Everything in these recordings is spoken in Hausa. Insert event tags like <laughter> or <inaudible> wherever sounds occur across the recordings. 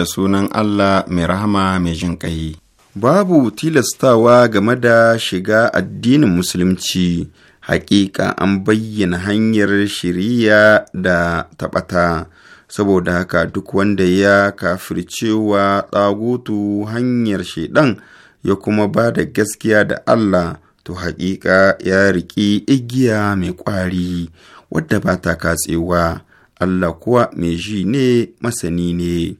da sunan Allah mai rahama mai jin ƙai. Babu tilastawa game da shiga addinin Musulunci, hakika an bayyana hanyar shiriya da taɓata, saboda haka duk wanda ya cewa tsagutu hanyar shaidan ya kuma ba da gaskiya da Allah, to haƙiƙa ya riƙi igiya mai ƙwari, wadda ba ta katsewa. Allah kuwa mai ji ne masani ne.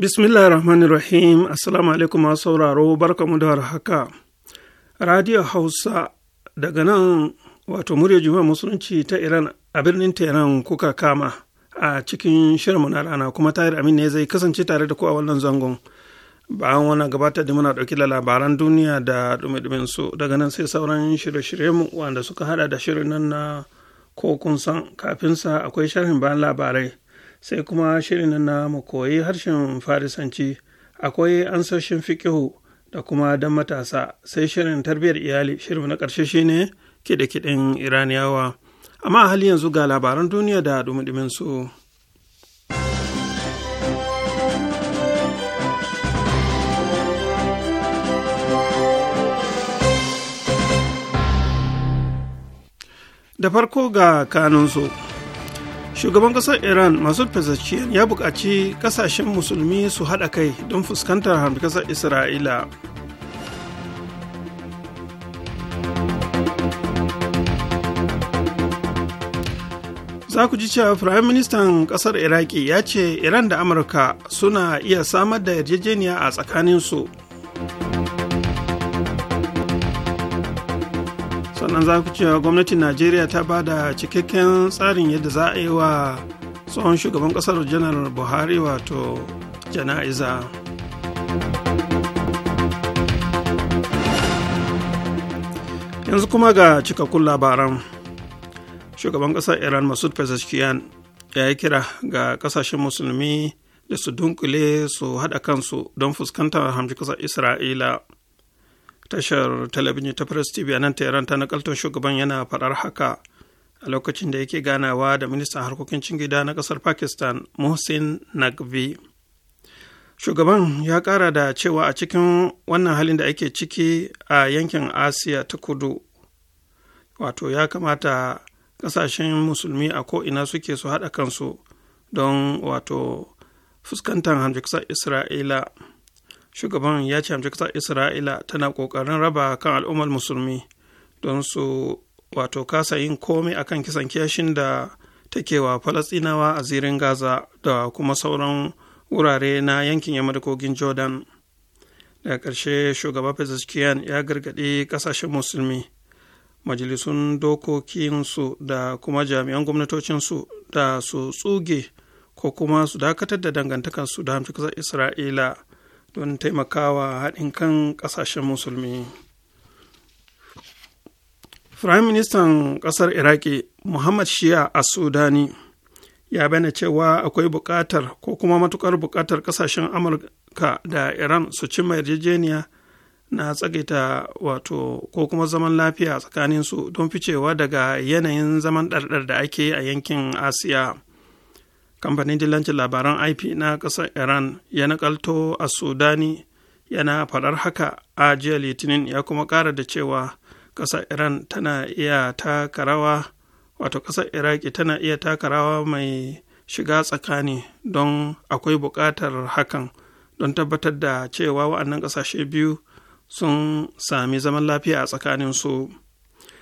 Bismillah rahman rahim Assalamu alaikum masu sauraro barkamu da haka. Radio Hausa daga nan wato murya juma musulunci ta Iran a birnin Tehran kuka kama a cikin shirinmu na rana kuma tayar amin ne zai kasance tare da ku a wannan zangon. Bayan wannan gabatar da muna ɗauki da labaran duniya da dumi su daga nan sai sauran shirye-shiryenmu wanda suka hada da shirin nan na ko kun san kafin sa akwai sharhin bayan labarai. sai kuma shirin na mu koyi harshen farisanci akwai ansoshin fikihu da kuma dan matasa sai shirin tarbiyyar iyali shirin na ƙarshe shine kiɗe-kiɗen iraniyawa amma a hali yanzu ga labaran duniya da dumi su. da farko ga kanunsu shugaban ƙasar iran masu pezeshkian ya buƙaci ƙasashen musulmi su haɗa kai don fuskantar harkasar isra'ila za ku ji cewa firayim ministan ƙasar iraki ya ce iran da amurka suna iya samar da yarjejeniya a tsakaninsu. sannan za ku cewa gwamnatin najeriya ta ba da cikakken tsarin yadda za a yi wa tsohon shugaban kasar janar buhari wato jana'iza yanzu kuma ga cikakkun labaran shugaban kasar iran masud pezeshkian ya yi kira ga kasashen musulmi da su dunkule su haɗa kansu don fuskantar hamshi kasar isra'ila tashar talabijin ta press tv a nan tehran ta nakaltar shugaban yana faɗar haka a lokacin da yake ganawa da ministan harkokin cin gida na ƙasar pakistan muhsin naqvi shugaban ya kara da cewa a cikin wannan halin da ake ciki a yankin asiya ta kudu wato ya kamata ƙasashen musulmi a ko'ina suke su haɗa kansu don wato fuskantar hamjiksar isra'ila shugaban ya ce amci isra'ila tana kokarin raba kan al'ummar musulmi don su wato kasa yin komai akan kisan kiyashin da take wa falastinawa a zirin gaza da kuma sauran wurare na yankin ya jordan daga ƙarshe shugaba pezeshkian ya gargaɗi ƙasashen musulmi majalisun dokokinsu da kuma jami'an gwamnatocinsu da su tsuge ko kuma su dakatar da dangantakarsu da hamshi ƙasar isra'ila don taimakawa haɗin kan ƙasashen musulmi firayim ministan ƙasar iraki muhammad shia a sudani ya bayyana cewa akwai buƙatar ko kuma matuƙar buƙatar ƙasashen amurka da iran su cimma yarjejeniya na tsagaita wato ko kuma zaman lafiya tsakaninsu don ficewa daga yanayin zaman ɗarɗar da ake yi a yankin asiya kamfanin dillancin labaran ip na ƙasar iran ya nakalto a sudani yana faɗar haka a jiya litinin ya kuma ƙara da cewa ƙasar iran tana iya taka rawa wato ƙasar iraki tana iya taka mai shiga tsakani don akwai buƙatar hakan don tabbatar da cewa wa'annan ƙasashe biyu sun sami zaman lafiya a tsakaninsu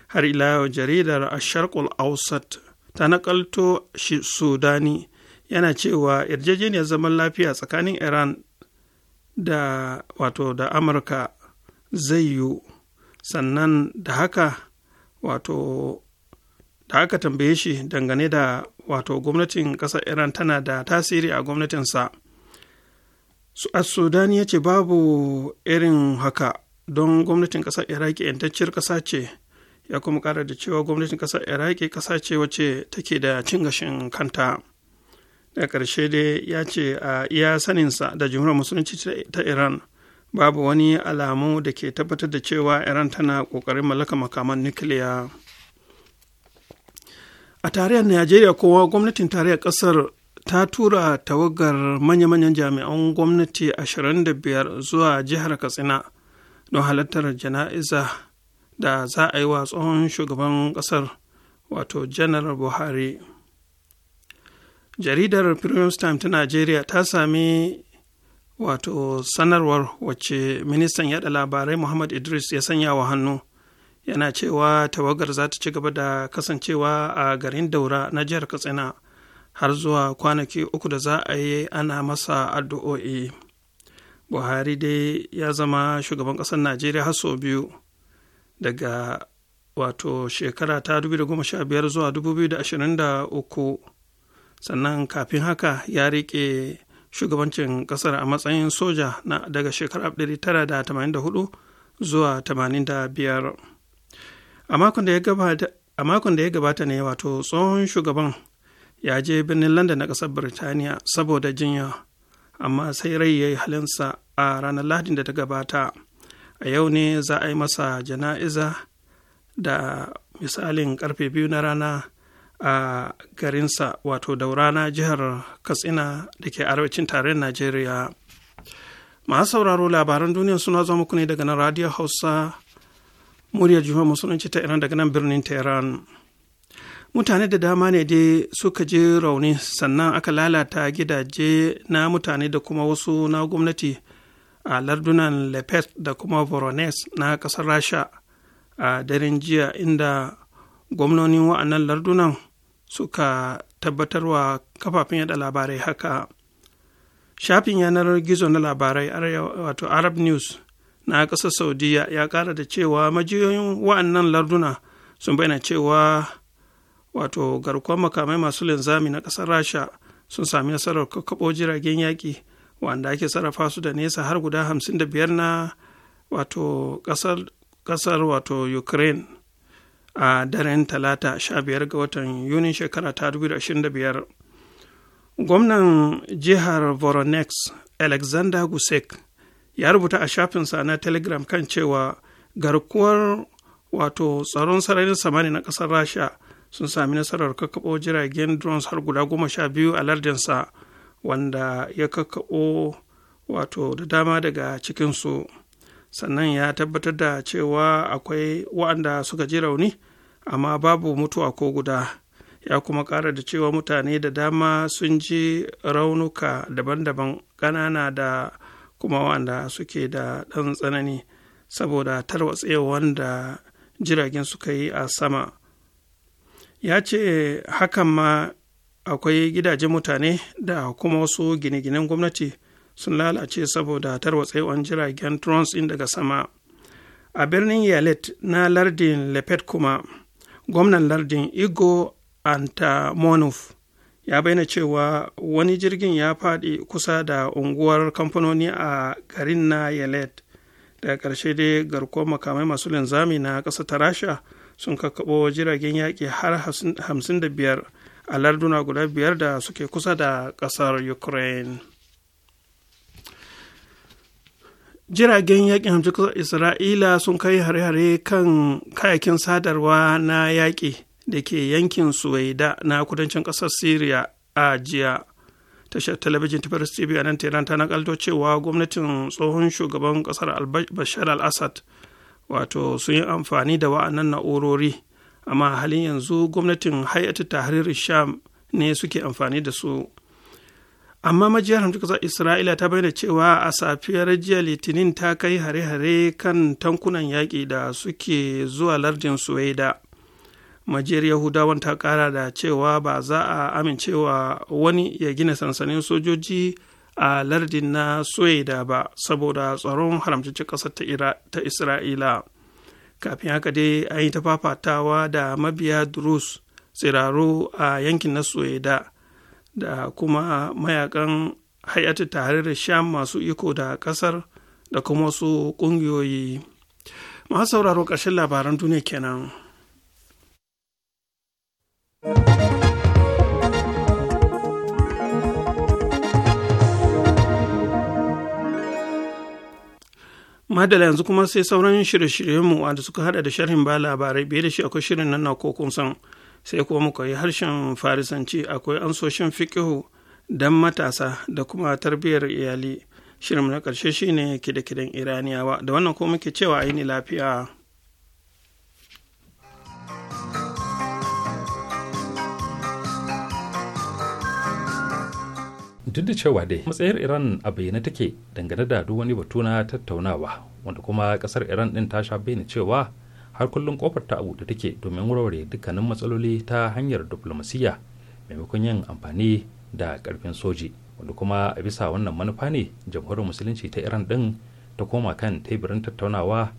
har ila jaridar asharkul ausat ta nakalto sudani yana cewa yarjejeniyar zaman lafiya tsakanin iran da wato da amurka zai yiwu sannan da haka wato da haka tambaye shi dangane da wato gwamnatin ƙasar iran tana da tasiri a gwamnatinsa a sudan ya ce babu irin haka don gwamnatin ƙasar iraki yantacciyar ƙasa ce ya kuma ƙara da cewa gwamnatin ƙasar iraki ƙasa ce wacce take da cin gashin kanta da ƙarshe dai ya ce a iya saninsa da jumhuriyar musulunci ta iran babu wani alamu da ke tabbatar da cewa iran tana ƙoƙarin mallaka makaman nukiliya a tarayyar najeriya kowa gwamnatin tarayyar ƙasar ta tura tawagar manya-manyan jami'an gwamnati 25 zuwa jihar katsina don halartar jana'iza da za a yi wa tsohon shugaban ƙasar wato janar buhari jaridar premium time ta najeriya ta sami wato sanarwar wacce ministan yada labarai muhammad idris ya sanya wa hannu yana cewa tawagar za ta ci gaba da kasancewa a garin daura na jihar katsina har zuwa kwanaki uku da za a yi ana masa addu'o'i buhari dai ya zama shugaban ƙasar najeriya har sau biyu daga wato shekara ta 2015 zuwa 2023 sannan kafin haka ya riƙe shugabancin ƙasar a matsayin soja na daga shekarar 1984 zuwa 85 a makon da ya gabata ne wato tsohon shugaban ya je birnin london na ƙasar birtaniya saboda jinya amma sai rai ya yi halinsa a ranar lahadin da ta gabata a yau ne za a yi masa jana'iza da misalin karfe biyu na rana a garinsa wato daurana jihar katsina da ke arewacin tarayyar najeriya masu sauraro labaran duniya suna zama kune ne daga nan radio hausa muryar jihar musulunci ta iran daga nan birnin tehran mutane da dama ne dai suka je rauni sannan aka lalata gidaje na mutane da kuma wasu na gwamnati a lardunan lepet da kuma voronezh na kasar rasha a daren jiya inda gwamnonin wa'annan lardunan suka tabbatarwa kafafen yada labarai haka shafin yanar gizo na labarai wato arab news na ƙasar saudiya ya ƙara da cewa majiyoyin wa'annan larduna sun bayyana cewa wato garkuwar makamai masu linzami na ƙasar rasha sun sami nasarar kakkaɓo jiragen yaƙi wanda ake sarrafa su da nesa har guda da 55 na wato ƙasar wato ukraine a daren talata 15 ga watan yunin shekara ta biyar gwamnan jihar voronex alexander gusek ya rubuta a shafinsa na telegram kan cewa garkuwar wato tsaron sararin samani na ƙasar rasha sun sami nasarar kakkaɓo jiragen drones har guda goma sha biyu a lardinsa wanda ya kakkaɓo wato da dama daga cikinsu sannan ya tabbatar da cewa akwai waɗanda suka ji rauni amma babu mutuwa ko guda ya kuma ƙara da cewa mutane da dama sun ji raunuka daban-daban ƙanana da kuma wanda suke da ɗan tsanani saboda tarwatsewar da jiragen suka yi a sama ya ce hakan ma akwai gidajen mutane da kuma wasu gine-ginen gwamnati sun lalace saboda tarwatsewar jiragen trons ɗin daga sama a birnin yalet na lardin lepet kuma gwamnan lardin igo antamonov ya bayyana cewa wani jirgin ya fadi kusa da unguwar kamfanoni a garin na yelet daga ƙarshe dai garkuwar makamai masu linzami na ƙasa ta rasha sun kakkaɓo jiragen yaƙi har 55 a larduna guda biyar da suke kusa da ƙasar ukraine jiragen yaƙin hamsin isra'ila sun kai hare-hare kan kayakin sadarwa na yaƙi da ke yankin suwaida na kudancin ƙasar syria a jiya tashar talabijin ta paris tv a nan tehran ta nakalto cewa gwamnatin tsohon shugaban ƙasar bashar al-assad wato sun yi amfani da wa'annan na'urori amma halin yanzu gwamnatin hayatu tahrir sham ne suke amfani da su amma majiyar hamdu kasar isra'ila ta bayyana cewa a safiyar jiya litinin ta kai hare-hare kan tankunan yaƙi da suke zuwa lardin suwaida majiyar yahudawan ta ƙara da cewa ba za a amincewa wani ya gina sansanin sojoji a lardin na suwaida ba saboda tsaron haramcin ƙasar ta isra'ila kafin haka dai an yi ta fafatawa da mabiya durus tsiraru a yankin na suwaida da kuma mayakan hayatu tare da sham masu iko da kasar da kuma wasu ƙungiyoyi masu sauraro ƙarshen labaran duniya kenan. madala yanzu kuma sai sauran shirye-shiryenmu wanda suka hada da sharhin ba labarai biye da shi akwai shirin nan na kokun san sai kuma muka yi harshen farisanci akwai ansoshin fikihu don matasa da kuma tarbiyyar iyali shirin na ƙarshe shine kide-kiden iraniyawa da wannan kuma muke cewa aini lafiya duk da cewa dai matsayar iran a bayyane take dangane da duk wani batu na tattaunawa wanda kuma kasar iran din ta sha bayyana cewa har kullum kofar ta abu da take domin warware dukkanin matsaloli ta hanyar diflomasiyya maimakon yin amfani da karfin soji wanda kuma a bisa wannan manufa ne jamhuriyar musulunci ta iran din ta koma kan teburin tattaunawa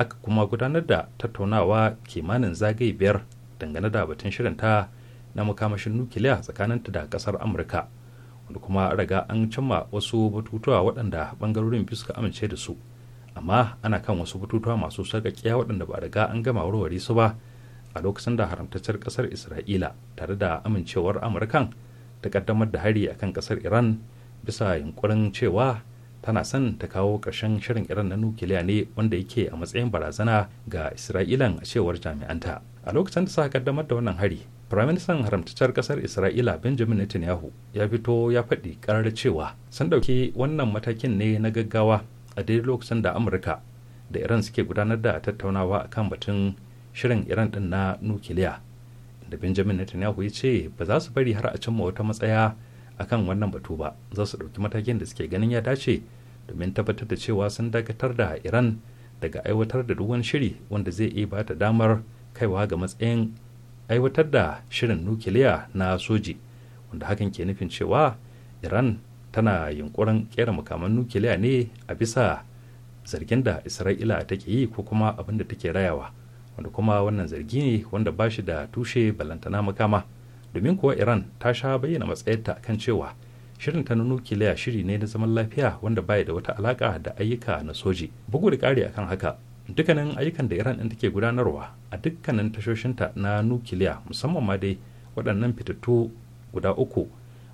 aka kuma gudanar da tattaunawa kimanin zagaye biyar dangane da batun shirinta na makamashin nukiliya tsakaninta da kasar amurka wanda kuma raga an cimma wasu batutuwa waɗanda bangarorin biyu suka amince da su amma ana kan wasu bututuwa masu sarƙaƙiya waɗanda ba riga an gama warware su ba a lokacin da haramtacciyar ƙasar isra'ila tare da amincewar amurkan ta ƙaddamar da hari akan ƙasar iran bisa yunkurin cewa tana son ta kawo ƙarshen shirin iran na nukiliya ne wanda yake a matsayin barazana ga isra'ilan a cewar jami'anta a lokacin da suka ƙaddamar da wannan hari firaministan haramtacciyar ƙasar isra'ila benjamin netanyahu ya fito ya faɗi karar cewa sun ɗauki wannan matakin ne na gaggawa a daidai lokacin da amurka da iran suke gudanar da tattaunawa a kan batun shirin iran din na nukiliya da benjamin netanyahu ya ce ba za su bari har a cimma wata matsaya a kan wannan batu ba za su ɗauki matakin da suke ganin ya dace domin tabbatar da cewa sun dakatar da iran daga aiwatar da ruwan shiri wanda zai iya bata damar kaiwa ga matsayin aiwatar da shirin nukiliya na soji wanda hakan ke nufin cewa iran tana yunkurin kera makaman nukiliya ne a bisa zargin da isra'ila take yi ko kuma abin da take rayawa wanda kuma wannan zargi ne wanda ba shi da tushe balantana makama domin kuwa iran ta sha bayyana matsayarta kan cewa shirin ta na nukiliya shiri ne na zaman lafiya wanda baya da wata alaka da ayyuka na soji bugu da kare akan haka dukkanin ayyukan da iran ɗin take gudanarwa a dukkanin tashoshinta na nukiliya musamman ma dai waɗannan fitattu guda uku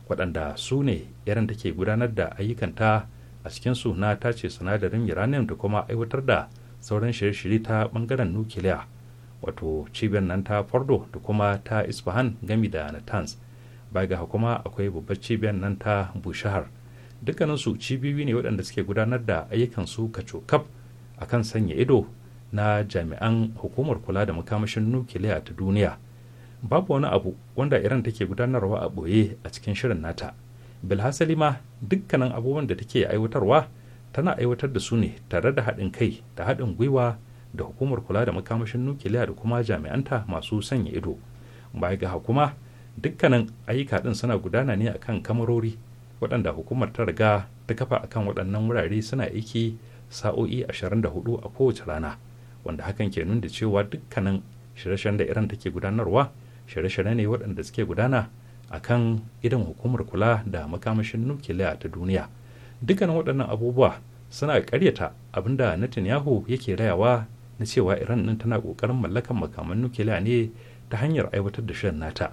waɗanda su ne irin da ke gudanar da ayyukanta a cikinsu na tace sinadarin uranium da kuma aiwatar da sauran shirye-shirye ta ɓangaren nukiliya wato cibiyar nan ta fordo da kuma ta isfahan gami da natanz ba ga kuma akwai babbar cibiyar nan ta bushahar dukkaninsu cibiyoyi ne waɗanda suke gudanar da ayyukan su kacokaf a kan sanya ido na jami'an hukumar kula da makamashin nukiliya ta duniya babu wani abu wanda iran take gudanarwa a ɓoye a cikin shirin nata bilhassali ma dukkanin abubuwan da take aiwatarwa tana aiwatar da su ne tare da haɗin kai da haɗin gwiwa da hukumar kula da makamashin nukiliya da kuma jami'anta masu sanya ido baya ga hukuma dukkanin ayyuka ɗin suna gudana ne akan kamarori waɗanda hukumar ta riga ta kafa akan waɗannan wurare suna aiki sa'o'i 24 a kowace rana wanda hakan ke nuna cewa dukkanin shirye-shiryen da iran take gudanarwa shirye-shirye ne waɗanda suke gudana a kan idan hukumar kula da makamashin nukiliya ta duniya dukkanin waɗannan abubuwa suna karyata ƙaryata abinda netanyahu yake rayawa na cewa iran nan tana ƙoƙarin mallakan makaman nukiliya ne ta hanyar aiwatar da shirin nata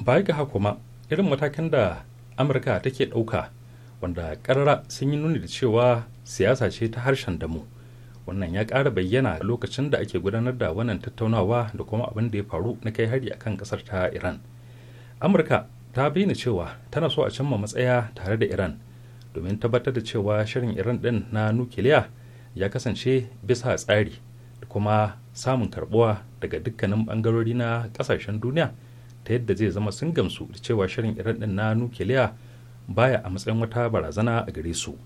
baya ga haka kuma irin matakan da amurka take ɗauka wanda ƙarara sun yi nuni da cewa siyasa ce ta harshen damu wannan ya ƙara bayyana lokacin da ake gudanar da wannan tattaunawa da kuma abin da ya faru na kai hari akan ƙasar ta iran amurka ta bayyana cewa tana so a cimma matsaya tare da iran domin tabbatar da cewa shirin iran din na nukiliya ya kasance bisa tsari da kuma samun karbuwa daga dukkanin bangarori na kasashen duniya ta yadda zai zama sun gamsu da cewa shirin iran din na nukiliya baya a matsayin wata barazana a gare su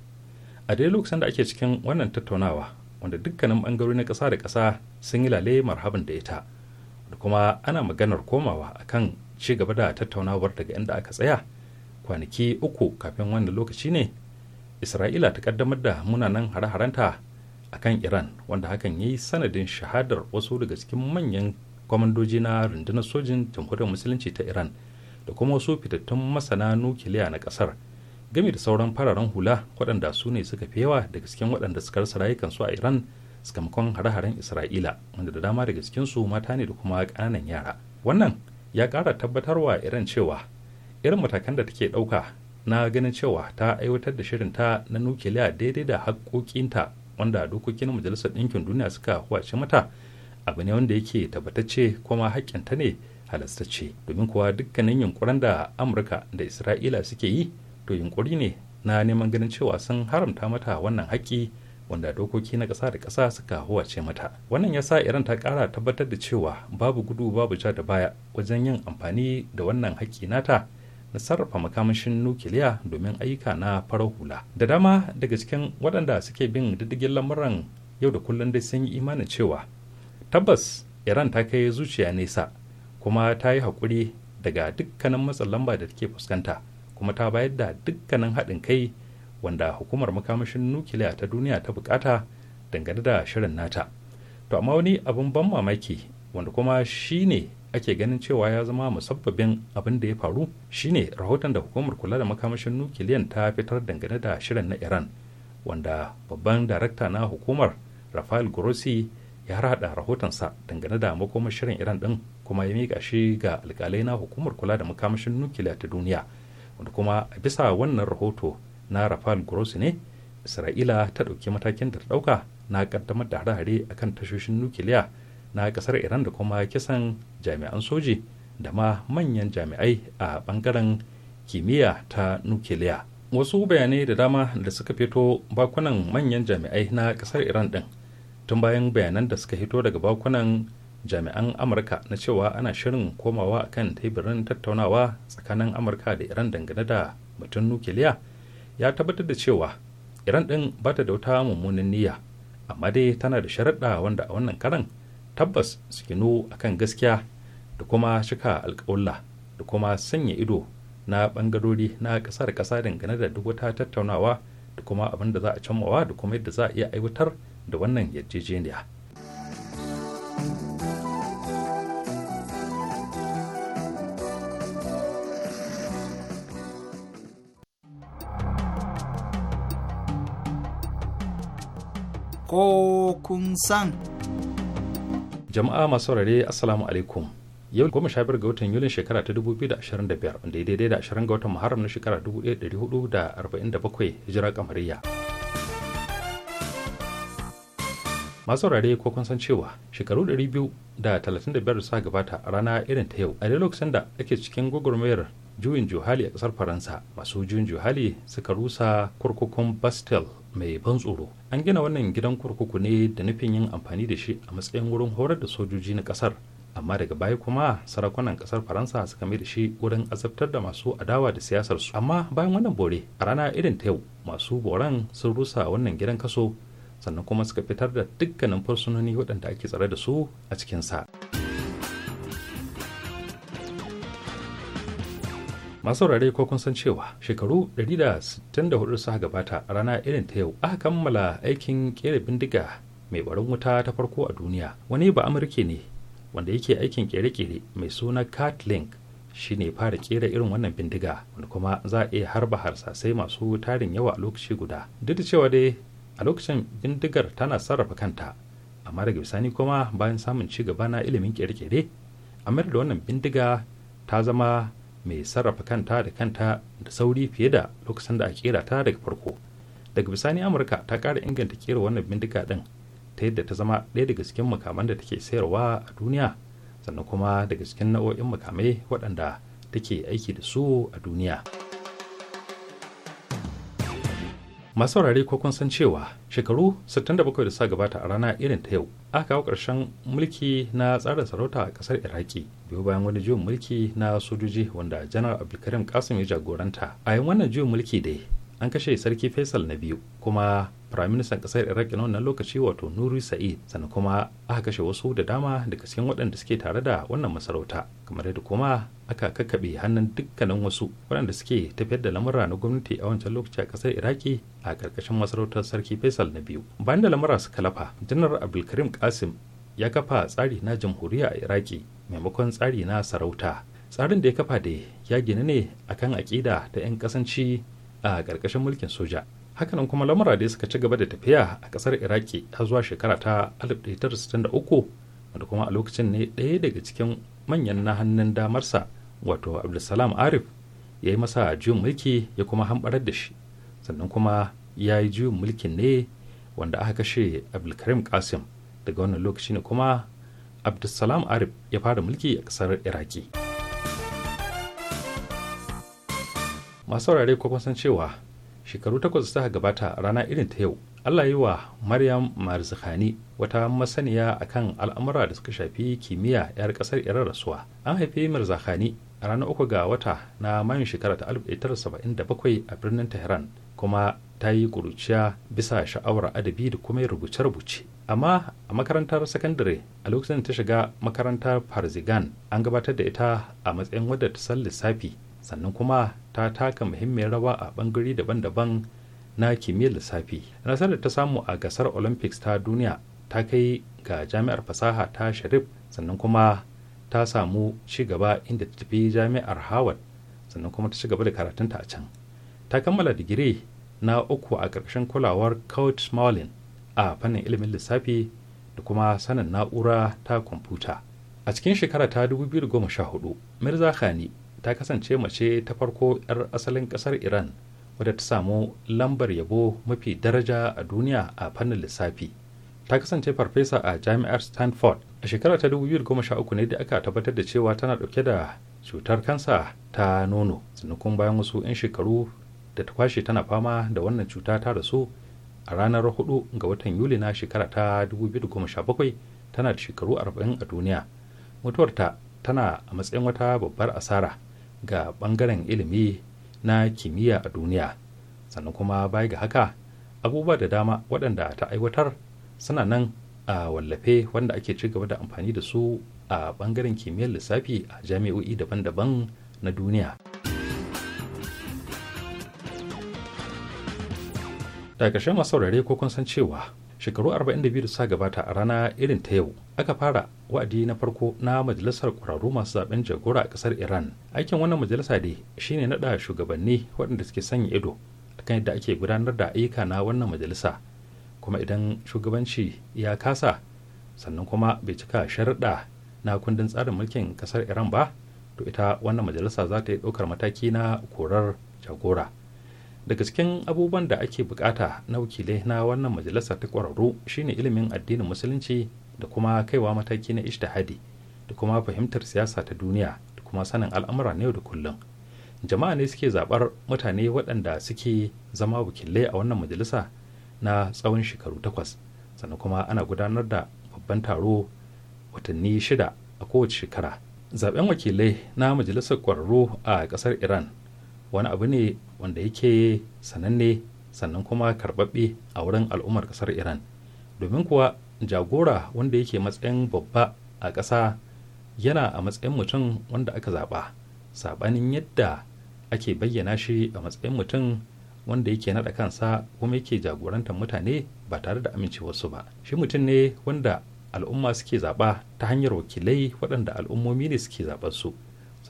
a dai lokacin da ake cikin wannan tattaunawa wanda dukkanin bangarori na ƙasa da ƙasa sun yi lale marhaban da ita da kuma ana maganar komawa akan ci gaba da tattaunawar daga inda aka tsaya kwanaki uku kafin wannan lokaci ne isra'ila ta kaddamar da munanan hare-harenta a kan iran wanda hakan ya yi sanadin shahadar wasu daga cikin manyan kwamandoji na rundunar sojin jamhuriyar musulunci ta iran da kuma wasu fitattun masana nukiliya na kasar game da sauran fararen hula waɗanda su ne suka fi yawa daga cikin waɗanda suka rasa rayukansu a iran sakamakon hare-haren isra'ila wanda da dama daga su mata ne da kuma ƙananan yara wannan ya ƙara tabbatarwa iran cewa irin matakan da take ɗauka na ganin cewa ta aiwatar da shirinta na nukiliya daidai da haƙoƙinta wanda dokokin majalisar ɗinkin duniya suka huwace mata abu ne wanda yake tabbatacce kuma haƙƙinta ne halastacce domin kuwa dukkanin yunkurin da amurka da isra'ila suke yi to yunkuri ne na neman ganin cewa sun haramta mata wannan haƙƙi wanda dokoki na ƙasa da ƙasa suka huwace mata wannan ya sa iran ta ƙara tabbatar da cewa babu gudu babu ja da baya wajen yin amfani da wannan haƙƙi nata na sarrafa makamashin nukiliya domin ayyuka na farar hula da dama daga cikin waɗanda suke bin diddigin lamuran yau da kullum dai sun yi imanin cewa tabbas iran ta kai zuciya nesa kuma ta yi haƙuri daga dukkanin matsin lamba da take fuskanta kuma ta bayar da dukkanin haɗin kai wanda hukumar makamashin nukiliya ta duniya ta bukata dangane da shirin nata to amma wani abin ban mamaki wanda kuma shi ne ake ganin cewa ya zama musabbabin abin da ya faru shine rahoton da hukumar kula da makamashin nukiliyan ta fitar dangane da shirin na iran wanda babban darakta na hukumar rafael grossi ya rahoton rahotonsa dangane da makoma shirin iran din kuma ya miƙa shi ga alƙalai na hukumar kula da makamashin nukiliya ta duniya wanda kuma bisa wannan rahoto na rafal grossi ne isra'ila ta ɗauki matakin da ta ɗauka na ƙaddamar da hare-hare a kan tashoshin nukiliya na ƙasar iran da kuma kisan jami'an soji da ma manyan jami'ai a bangaren kimiyya ta nukiliya wasu bayanai da dama da suka fito bakunan manyan jami'ai na ƙasar iran ɗin tun bayan bayanan da suka fito daga bakunan jami'an amurka na cewa ana shirin komawa kan teburin tattaunawa tsakanin amurka da iran dangane da mutum nukiliya ya tabbatar da cewa iran din ba ta da wata mummunan niyya amma dai tana da sharaɗa wanda a wannan karan tabbas su a kan gaskiya da kuma cika alƙawla da kuma sanya ido na bangarori na kasar ƙasa dangane da duk wata tattaunawa da kuma abin da za a cimmawa da kuma yadda za a iya aiwatar da wannan yarjejeniya. ko kun san. Jama'a masu saurare Assalamu alaikum. Yau goma sha biyar ga watan Yulin shekara ta 2025 wanda ya daidai da ashirin ga watan Muharram na shekara 1447 hijira kamariya. masu saurare ko kun san cewa shekaru ɗari biyu da suka gabata a rana irin ta yau a dai lokacin da ake cikin gwagwarmayar juyin juhali a ƙasar faransa masu juyin juhali suka rusa kurkukun bastel mai ban tsoro an gina wannan gidan kurkuku ne da nufin yin amfani da shi a matsayin wurin horar da sojoji na kasar amma daga baya kuma sarakunan kasar faransa suka mai da shi wurin azabtar da masu adawa da siyasar su amma bayan wannan bore a rana irin ta yau masu boran sun rusa wannan gidan kaso sannan kuma suka fitar da dukkanin fursunoni waɗanda ake tsare da su a cikin sa masu saurare ko kun san cewa shekaru 164 suka gabata a rana irin ta yau aka kammala aikin kera bindiga mai barin wuta ta farko a duniya wani ba amurke ne wanda yake aikin kere-kere mai suna cat link shi ne fara kera irin wannan bindiga wanda kuma za a iya harba harsasai masu tarin yawa a lokaci guda duk da cewa dai a lokacin bindigar tana sarrafa kanta amma daga bisani kuma bayan samun ci gaba na ilimin kere-kere a da wannan bindiga ta zama mai sarrafa kanta da kanta da sauri fiye da lokacin da a kera ta daga farko daga bisani amurka ta kara inganta kera wannan bindiga din ta yadda ta zama ɗaya daga cikin makaman da take sayarwa a duniya sannan kuma daga cikin nau'o'in makamai waɗanda take aiki da su a duniya. masu saurare ko kun san cewa shekaru 67 da sa gabata a rana irin ta yau aka kawo ƙarshen mulki na tsarin sarauta a ƙasar iraki biyu bayan wani juyin mulki na sojoji wanda janar abdulkarim kasim ya jagoranta a yin wannan juyin mulki dai an kashe sarki faisal na biyu kuma prime minister kasar iraq na wannan lokaci wato nuri sa'id sannan kuma aka kashe wasu da dama da cikin waɗanda suke tare da wannan masarauta kamar yadda kuma aka kakkaɓe hannun dukkanin wasu waɗanda suke tafiyar da lamura na gwamnati a wancan lokaci a ƙasar iraki a ƙarƙashin masarautar sarki faisal na biyu bayan da lamura su kalafa janar abdulkarim kasim ya kafa tsari na jamhuriya a iraki maimakon tsari na sarauta tsarin da ya kafa da ya gina ne akan aƙida ta 'yan kasanci a ƙarƙashin mulkin soja hakanan kuma lamura dai suka ci gaba da tafiya a kasar iraki har zuwa shekara ta 1963 wanda kuma a lokacin ne ɗaya daga cikin manyan na hannun damarsa wato abdulsalam arif ya yi masa juyin mulki ya kuma hambarar da shi sannan kuma ya yi juyin mulkin ne wanda aka kashe abdulkarim kasim daga wannan lokaci ne kuma abdulsalam arif ya fara mulki a kasar iraki masu saurare kuma san cewa shekaru takwas suka gabata rana irin ta yau allah yi wa maryam marzikhani wata masaniya akan al'amura da suka shafi kimiyya 'yar kasar iran rasuwa an haifi marzikhani a ranar uku ga wata na mayun shekara ta 1977 a birnin tehran kuma ta yi kuruciya bisa sha'awar adabi da kuma rubuce-rubuce amma a makarantar sakandare a lokacin ta shiga makarantar farzigan an gabatar da ita a matsayin wadda ta san lissafi sannan kuma ta taka muhimmiyar rawa a bangare daban-daban na kimiyyar lissafi nasarar ta samu a gasar olympics ta duniya ta kai ga jami'ar fasaha ta sharif sannan kuma ta samu ci gaba inda ta tafi jami'ar harvard sannan kuma ta ci gaba da karatunta a can ta kammala digiri na uku a ƙarƙashin kulawar coach marlin a fannin ilimin lissafi da kuma sanin na'ura ta kwamfuta a cikin shekara ta 2014 mirza khani ta kasance mace ta farko 'yar asalin kasar iran wadda ta samu lambar yabo mafi daraja a duniya a fannin lissafi ta kasance farfesa a jami'ar stanford a shekara ta 2013 ne da aka tabbatar da cewa tana dauke da cutar kansa ta nono sannan bayan wasu 'yan shekaru da ta kwashe tana fama da wannan cuta ta rasu a ranar 4 ga watan yuli na shekara ta 2017 tana da shekaru 40 a duniya mutuwarta tana a matsayin wata babbar asara ga bangaren ilimi na kimiyya a duniya sannan kuma baya ga haka abubuwa da dama waɗanda ta aiwatar suna nan a wallafe wanda ake ci gaba da amfani da su a bangaren kimiyyar lissafi a jami'o'i daban-daban na duniya daga shan masu ko kun san cewa shekaru 42 da sa gabata a rana irin ta yau aka fara wa'adi na farko na majalisar kwararru masu zaben jagora a kasar iran aikin wannan majalisa dai shine naɗa shugabanni waɗanda suke sanya ido kan yadda ake gudanar da ayyuka na wannan majalisa kuma idan shugabanci ya kasa sannan kuma bai cika sharaɗa na kundin tsarin mulkin kasar iran ba to ita wannan majalisa za ta yi ɗaukar mataki na korar jagora daga cikin abubuwan da ake bukata na wakilai na wannan majalisa ta kwararru shine ilimin addinin musulunci da kuma kaiwa mataki na ishtihadi da kuma fahimtar siyasa ta duniya da kuma sanin al'amura na yau da kullum jama'a ne suke zabar mutane waɗanda suke zama wakilai a wannan majalisa na tsawon shekaru takwas sannan kuma ana gudanar da babban taro watanni shida a kowace shekara zaben wakilai na majalisar kwararru a ƙasar iran wani abu ne wanda yake sananne sannan kuma karbabbe a wurin al'ummar kasar iran domin kuwa jagora wanda yake matsayin babba a ƙasa yana a matsayin mutum wanda aka zaɓa saɓanin yadda ake bayyana shi a matsayin mutum wanda yake naɗa kansa kuma yake jagorantar mutane ba tare da amincewarsu ba shi mutum ne wanda al'umma suke zaɓa ta hanyar wakilai waɗanda al'ummomi ne suke zaɓar su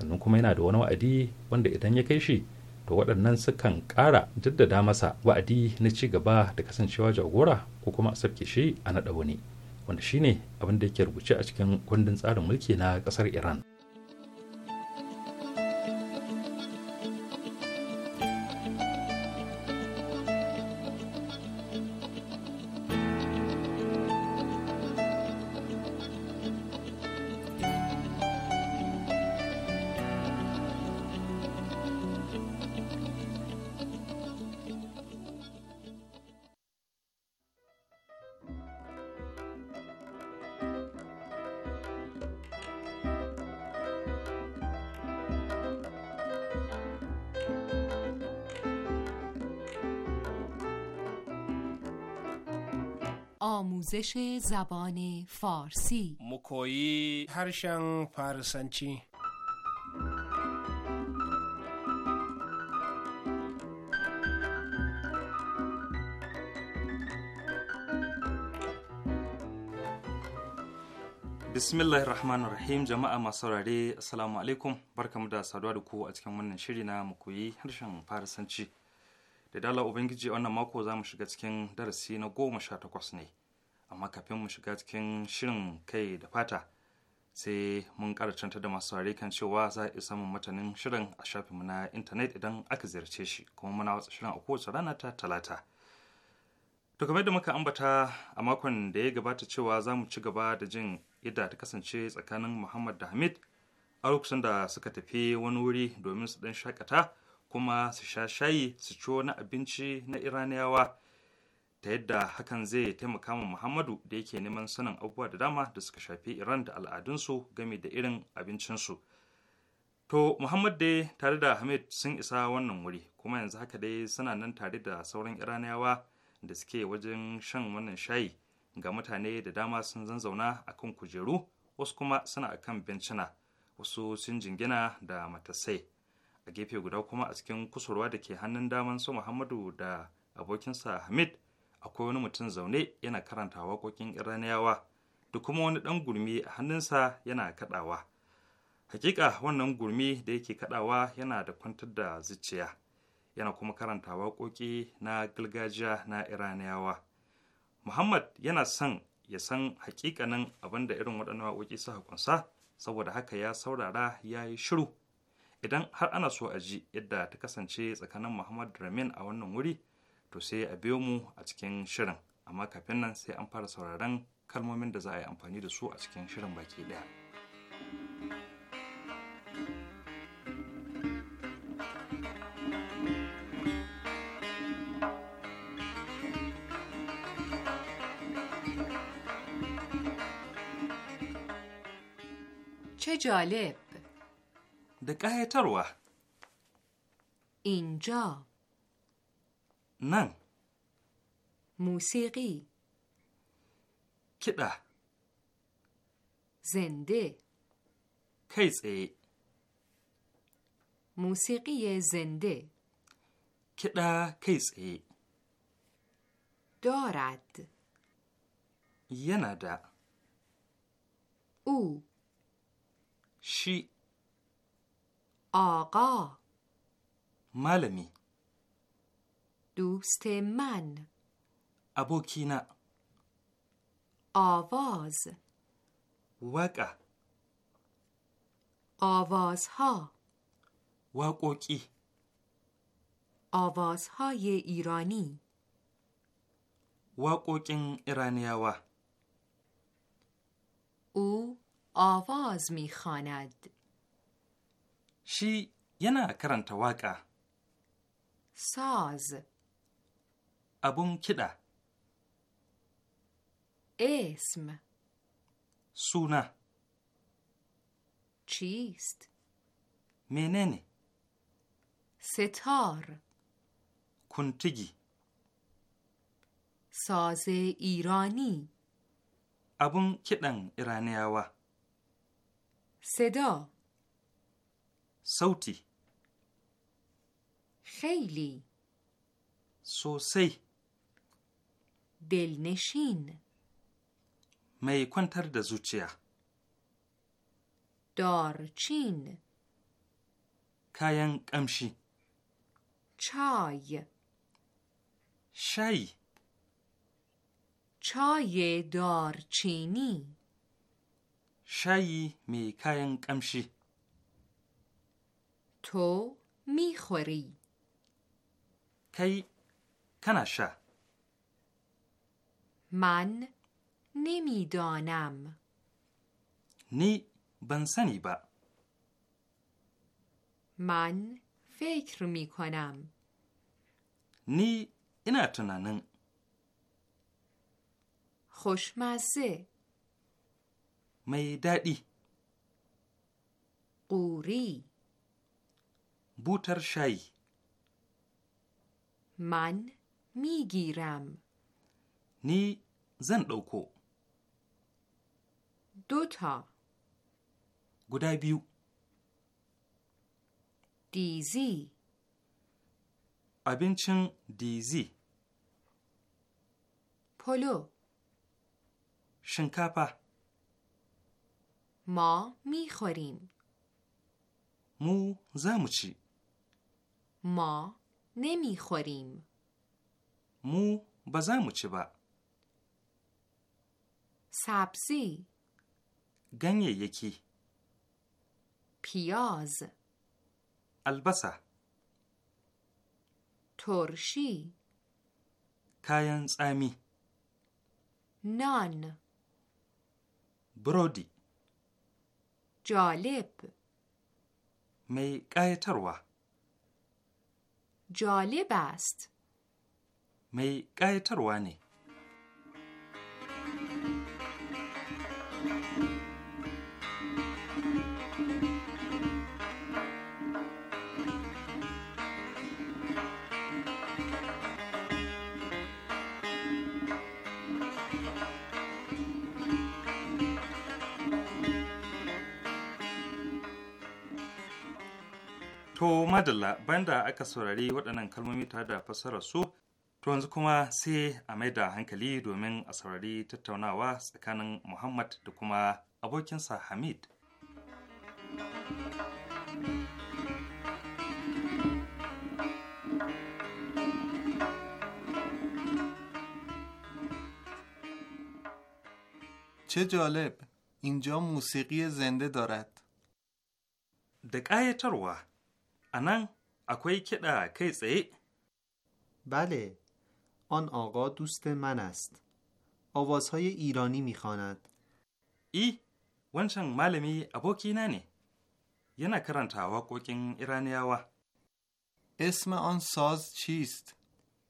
sannan kuma yana da wani wa'adi wanda idan ya kai shi to waɗannan sukan ƙara jaddada masa wa'adi na ci gaba da kasancewa jagora ko kuma a sauke shi a naɗa wani wanda shine abin da yake rubuce a cikin kundin tsarin mulki na ƙasar iran آموزش زبان فارسی مکویی هرشن فارسنچی bismillahir rahmanir rahim jama'a masu saurare assalamu alaikum barkamu da saduwa da ku a cikin wannan shiri na mu koyi harshen farisanci da dala ubangiji wannan mako za mu shiga cikin darasi na goma sha takwas ne amma kafin mu shiga cikin shirin kai da fata sai mun karatunta da masu ware kan cewa za a samun matanin shirin a shafinmu na intanet idan aka ziyarce shi kuma muna watsa shirin a kowace rana ta talata to kamar da muka ambata a makon da ya gabata cewa za mu ci gaba da jin yadda ta kasance tsakanin muhammad da hamid a lokacin da suka tafi wani wuri domin su dan shakata kuma su sha shayi su ciwo na abinci na iraniyawa ta yadda hakan zai taimaka wa muhammadu da yake neman sanin abubuwa da dama da suka shafi iran da al'adunsu game da irin abincinsu to muhammad dai tare da hamid sun isa wannan wuri kuma yanzu haka dai suna nan tare da sauran iraniyawa da suke wajen shan wannan shayi ga mutane da dama sun zanzauna akan kujeru wasu kuma suna akan bencina wasu sun jingina da matasai a gefe guda kuma a cikin kusurwa da ke hannun daman su muhammadu da abokinsa hamid akwai wani mutum zaune yana karanta waƙoƙin iraniyawa da kuma wani ɗan gurmi a hannunsa yana kaɗawa hakika wannan gurmi da yake kaɗawa yana da kwantar da zuciya yana kuma karanta waƙoƙi na gargajiya na iraniyawa muhammad yana son ya san hakikanin abin da irin waɗannan waƙoƙi suka kunsa saboda haka ya saurara ya yi shiru idan har ana so a ji yadda ta kasance tsakanin muhammad ramin a wannan wuri to sai a biyo mu a cikin shirin amma kafin nan sai an fara sauraron kalmomin da za a yi amfani da su a cikin shirin baki ɗaya. چه جالب! da ƙayatarwa. Inja. nan musiri kiɗa zende kai tsaye musiriye zende kiɗa kai tsaye dorad yana da u shi aga malami دوست من ابوکینا آواز وقع آوازها واقوکی آوازهای ایرانی واقوکین ایرانیاوا او آواز میخواند شی ینا کرنت واقع ساز abun kiɗa. Ism Suna cist Menene Setar Kuntigi Saze Irani Abun kiɗan Iraniyawa Seda Sauti Khaili Sosai دلنشین می کونتر د زوچیا دارچین کاین قمشی چای شای چای دارچینی شایی می کاین قمشی تو میخوری کی کناشه؟ من نمیدانم نی بنسنی با من فکر می کنم نی اینا تنانن خوشمزه میدادی. قوری بوتر شای من میگیرم نی زن دو دوتا گدای بیو دیزی ابینچن دیزی پلو شنکاپا ما میخوریم مو زموچی ما نمیخوریم مو بزموچی با Sapsi? ganyayyaki پیاز albasa Torshi. kayan tsami Nan. برودی جالب mai ƙayatarwa جالب mai ƙayatarwa ne To madalla banda aka saurari waɗannan kalmomi tare da fassarar su to yanzu kuma sai a mai da hankali domin a saurari tattaunawa tsakanin Muhammad da kuma abokinsa Hamid. چه جالب اینجا موسیقی زنده دارد. Da انان اکوی کدا کی بله آن آقا دوست من است آوازهای ایرانی میخواند ای wancan malami abokina ne yana karanta ایرانی iraniyawa اسم آن ساز چیست؟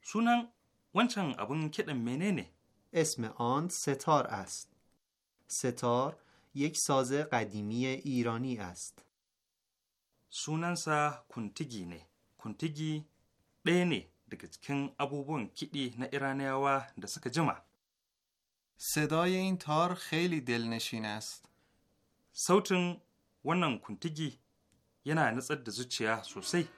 سونن ابون abun مننه نه؟ اسم آن ستار است ستار یک ساز قدیمی ایرانی است sunansa kuntigi ne kuntigi ɗaya ne daga cikin abubuwan kiɗi na iraniyawa da suka jima صدای این تار خیلی Del است. sautin wannan kuntigi yana nutsar da zuciya sosai.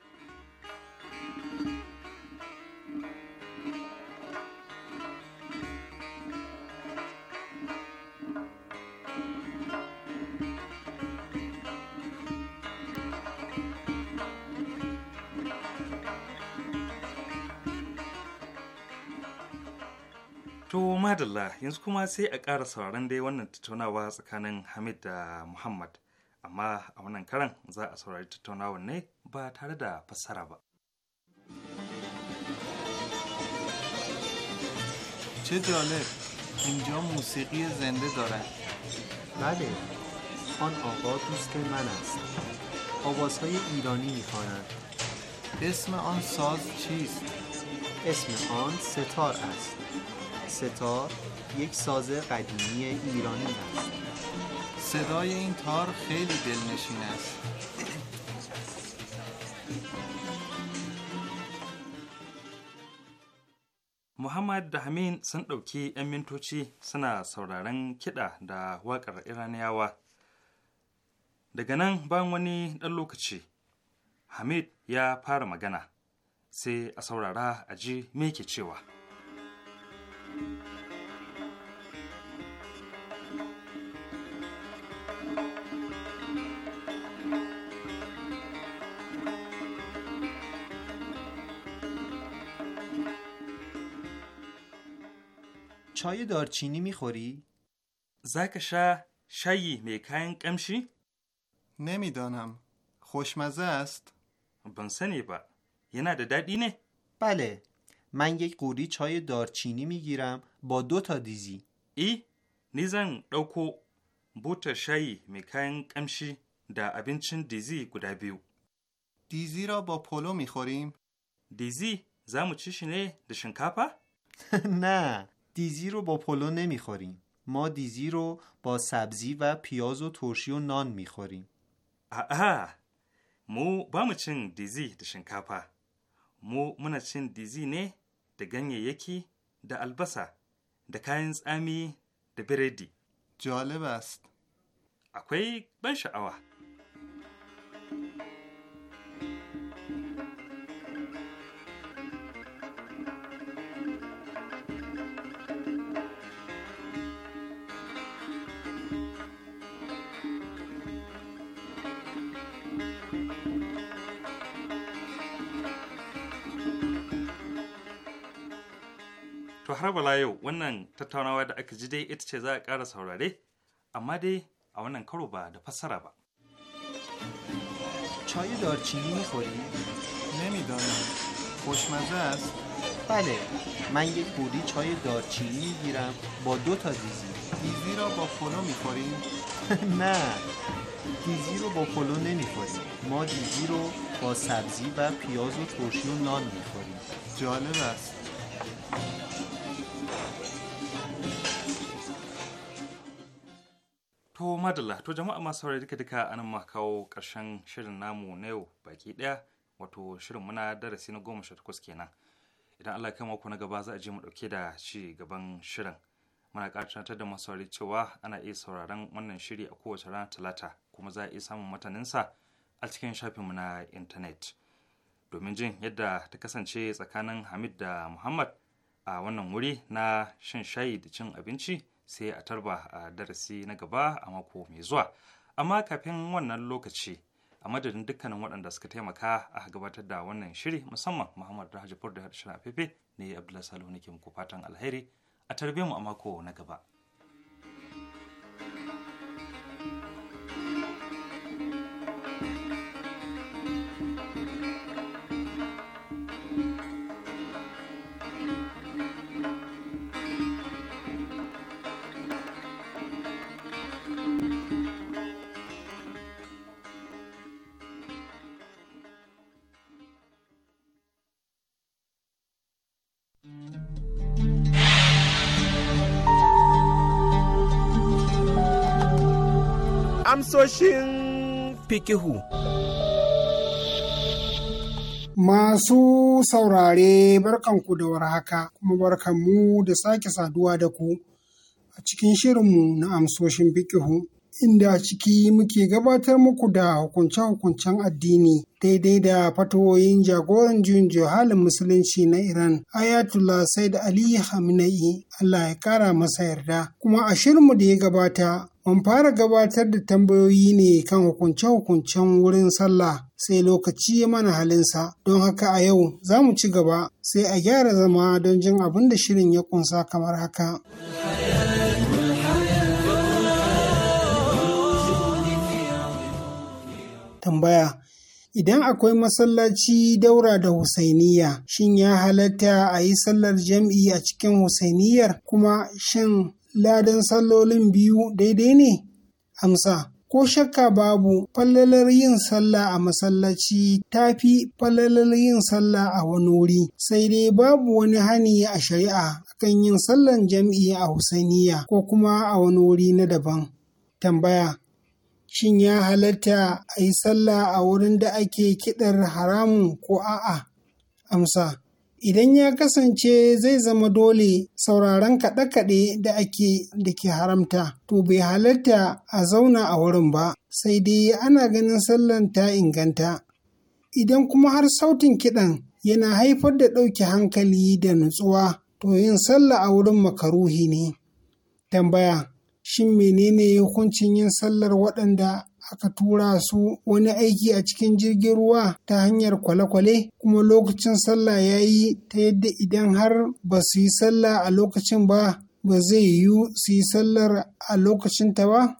To madalla yanzu kuma sai a ƙara sauraron dai wannan tattaunawa tsakanin Hamid da Muhammad. Amma a wannan karan za a saurari tattaunawar ne ba tare da fassara ba. چه جالب اینجا موسیقی زنده دارد بله آن آقا دوست من است آوازهای ایرانی میخوانند اسم آن ساز چیست اسم آن ستار است ستار یک ساز قدیمی ایرانی است صدای این تار خیلی دلنشین است Muhammad da Hamin sun ɗauki 'yan mintoci suna sauraron kiɗa da waƙar Iraniyawa. Daga nan bayan wani ɗan lokaci, Hamid ya fara magana, sai a saurara a ji me ke cewa. چای دارچینی میخوری؟ زک شه شایی میکنگ امشی؟ نمیدانم خوشمزه است؟ بنسنی با یه نده نه؟ بله من یک قوری چای دارچینی میگیرم با دو تا دیزی ای نیزن دوکو بوت شایی میکن کمشی دا ابینچن دیزی گودا بیو دیزی را با پولو میخوریم دیزی زمو چیشی نه دشنکاپا؟ <laughs> نه دیزی رو با پلو نمیخوریم ما دیزی رو با سبزی و پیاز و ترشی و نان میخوریم آه مو با چین دیزی دشنکاپا مو منچن دیزی نه da ganyayyaki da albasa da kayan tsami da biredi. جالب akwai ban sha'awa. har wala yau wannan tattaunawa da aka ji dai ita ce za a ƙara saurare amma dai نمیدانم خوشمزه است؟ بله من یک بودی چای دارچینی میگیرم با دو تا دیزی دیزی را با می میخوریم؟ <laughs> نه دیزی رو با پلو نمیخوریم ما دیزی رو با سبزی و پیاز و ترشی و نان میخوریم جالب است To madalla, to jama'a masu saurari duka duka a ma kawo ƙarshen shirin namu na yau baki ɗaya wato shirin muna darasi na goma sha takwas kenan. Idan Allah kai ku na gaba za a je mu ɗauke da ci gaban shirin. Muna ƙarfatar da masu saurari cewa ana iya sauraron wannan shiri a kowace rana talata kuma za a iya samun mataninsa a cikin shafin mu na intanet. Domin jin yadda ta kasance tsakanin Hamid da Muhammad a wannan wuri na shan shayi da cin abinci. sai a tarba a darasi na gaba a mako mai zuwa amma kafin wannan lokaci a madadin dukkanin waɗanda suka taimaka a gabatar da wannan shiri musamman muhammad da hajjafur da hadashin afefe ne abdullahi salo nake muku fatan alheri a tarbe mu a mako na gaba. amsoshin fikihu. Masu saurare barkanku da warhaka kuma barkanmu da sake saduwa da ku a cikin shirinmu na amsoshin fikihu. Inda a ciki muke gabatar muku da hukunce-hukuncen addini daidai da fatoyin jagoran juyin halin musulunci na Iran Ayatollah Said Ali Khamenei Allah ya kara masa yarda. Kuma a shirinmu da ya gabata Mun fara gabatar da tambayoyi ne kan hukunce-hukuncen wurin sallah sai lokaci ya mana halinsa, don haka a yau za mu ci gaba sai a gyara zama don jin abin da shirin ya kunsa kamar haka. Tambaya Idan akwai masallaci daura da Husainiya, shin ya halatta a yi sallar jam'i a cikin Husainiyar kuma shin ladan sallolin biyu daidai ne? Amsa, ko shakka babu falalar yin sallah a masallaci ta fi falalar yin sallah a wani wuri, sai dai babu wani hani a shari'a akan yin sallan jam'i a Husainiya ko kuma a wani wuri na daban. Tambaya, shin ya halatta a yi sallah a wurin da ake kiɗar haramun ko a'a? Amsa, idan ya kasance zai zama dole sauraron kaɗe-kaɗe da ake da ke haramta to bai halarta a zauna a wurin ba sai dai ana ganin sallan ta inganta idan kuma har sautin kiɗan yana haifar da ɗauke hankali da nutsuwa to yin sallah a wurin makaruhi ne tambaya shin menene hukuncin yin sallar waɗanda aka tura su wani aiki a cikin jirgin ruwa ta hanyar kwale-kwale kuma lokacin sallah ya yi ta yadda idan har ba su yi sallah a lokacin ba ba zai yiwu su yi sallar a lokacin ta ba?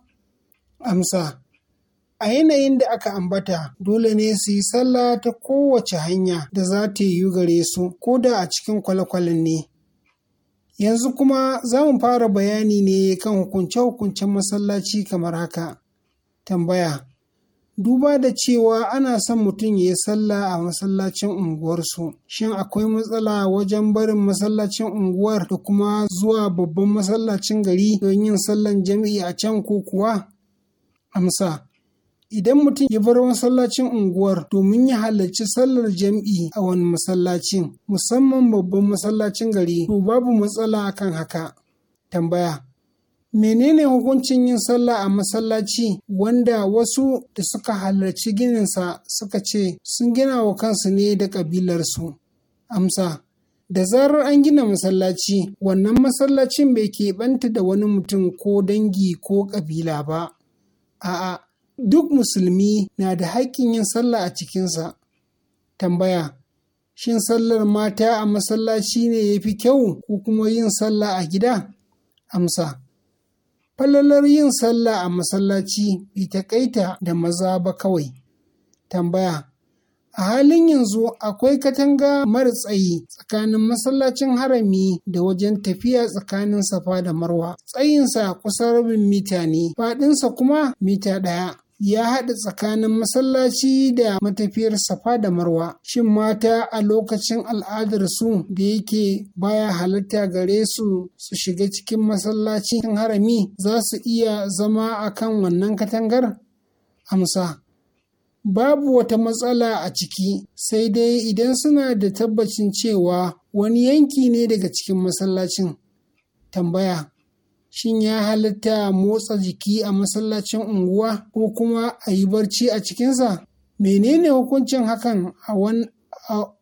Amsa A yanayin da aka ambata, dole ne su yi sallah ta kowace hanya da za ta yiwu gare su, ko da a cikin kwale-kwalen ne. Yanzu kuma za mu fara bayani ne kan hukunce-hukuncen masallaci kamar haka. Tambaya: Duba da cewa ana son mutum ya yi sallah a masallacin unguwarsu, shin akwai matsala wajen barin masallacin unguwar da kuma zuwa babban masallacin gari don yin sallar jam'i a can ko kuwa? Amsa: Idan mutum ya bar masallacin unguwar domin ya halarci sallar jam'i a wani masallacin, musamman babban masallacin gari, to babu matsala akan haka. Tambaya: Menene hukuncin yin sallah a masallaci wanda wasu da suka halarci gininsa suka ce sun gina wa kansu ne da ƙabilarsu? Amsa. da zarar an gina masallaci wannan masallacin bai keɓanta da wani mutum ko dangi ko ƙabila ba a'a duk musulmi na da haƙƙin yin sallah a cikinsa tambaya shin sallar mata a masallaci ne ya fi kyau ko kuma yin sallah a gida amsa falalar yin sallah a masallaci bai kaita da maza ba kawai. Tambaya A halin yanzu akwai katanga mara tsayi tsakanin masallacin harami da wajen tafiya tsakanin safa da marwa. Tsayinsa kusan rabin mita ne, faɗinsa kuma mita ɗaya. ya haɗa tsakanin masallaci da matafiyar safa da marwa shin mata a lokacin al'adar su da yake baya halatta gare su su shiga cikin masallacin harami za su iya zama a kan wannan katangar amsa babu wata matsala a ciki sai dai idan suna da tabbacin cewa wani yanki ne daga cikin masallacin tambaya shin ya halitta motsa jiki a masallacin unguwa ko kuma a yi barci a cikinsa menene hukuncin hakan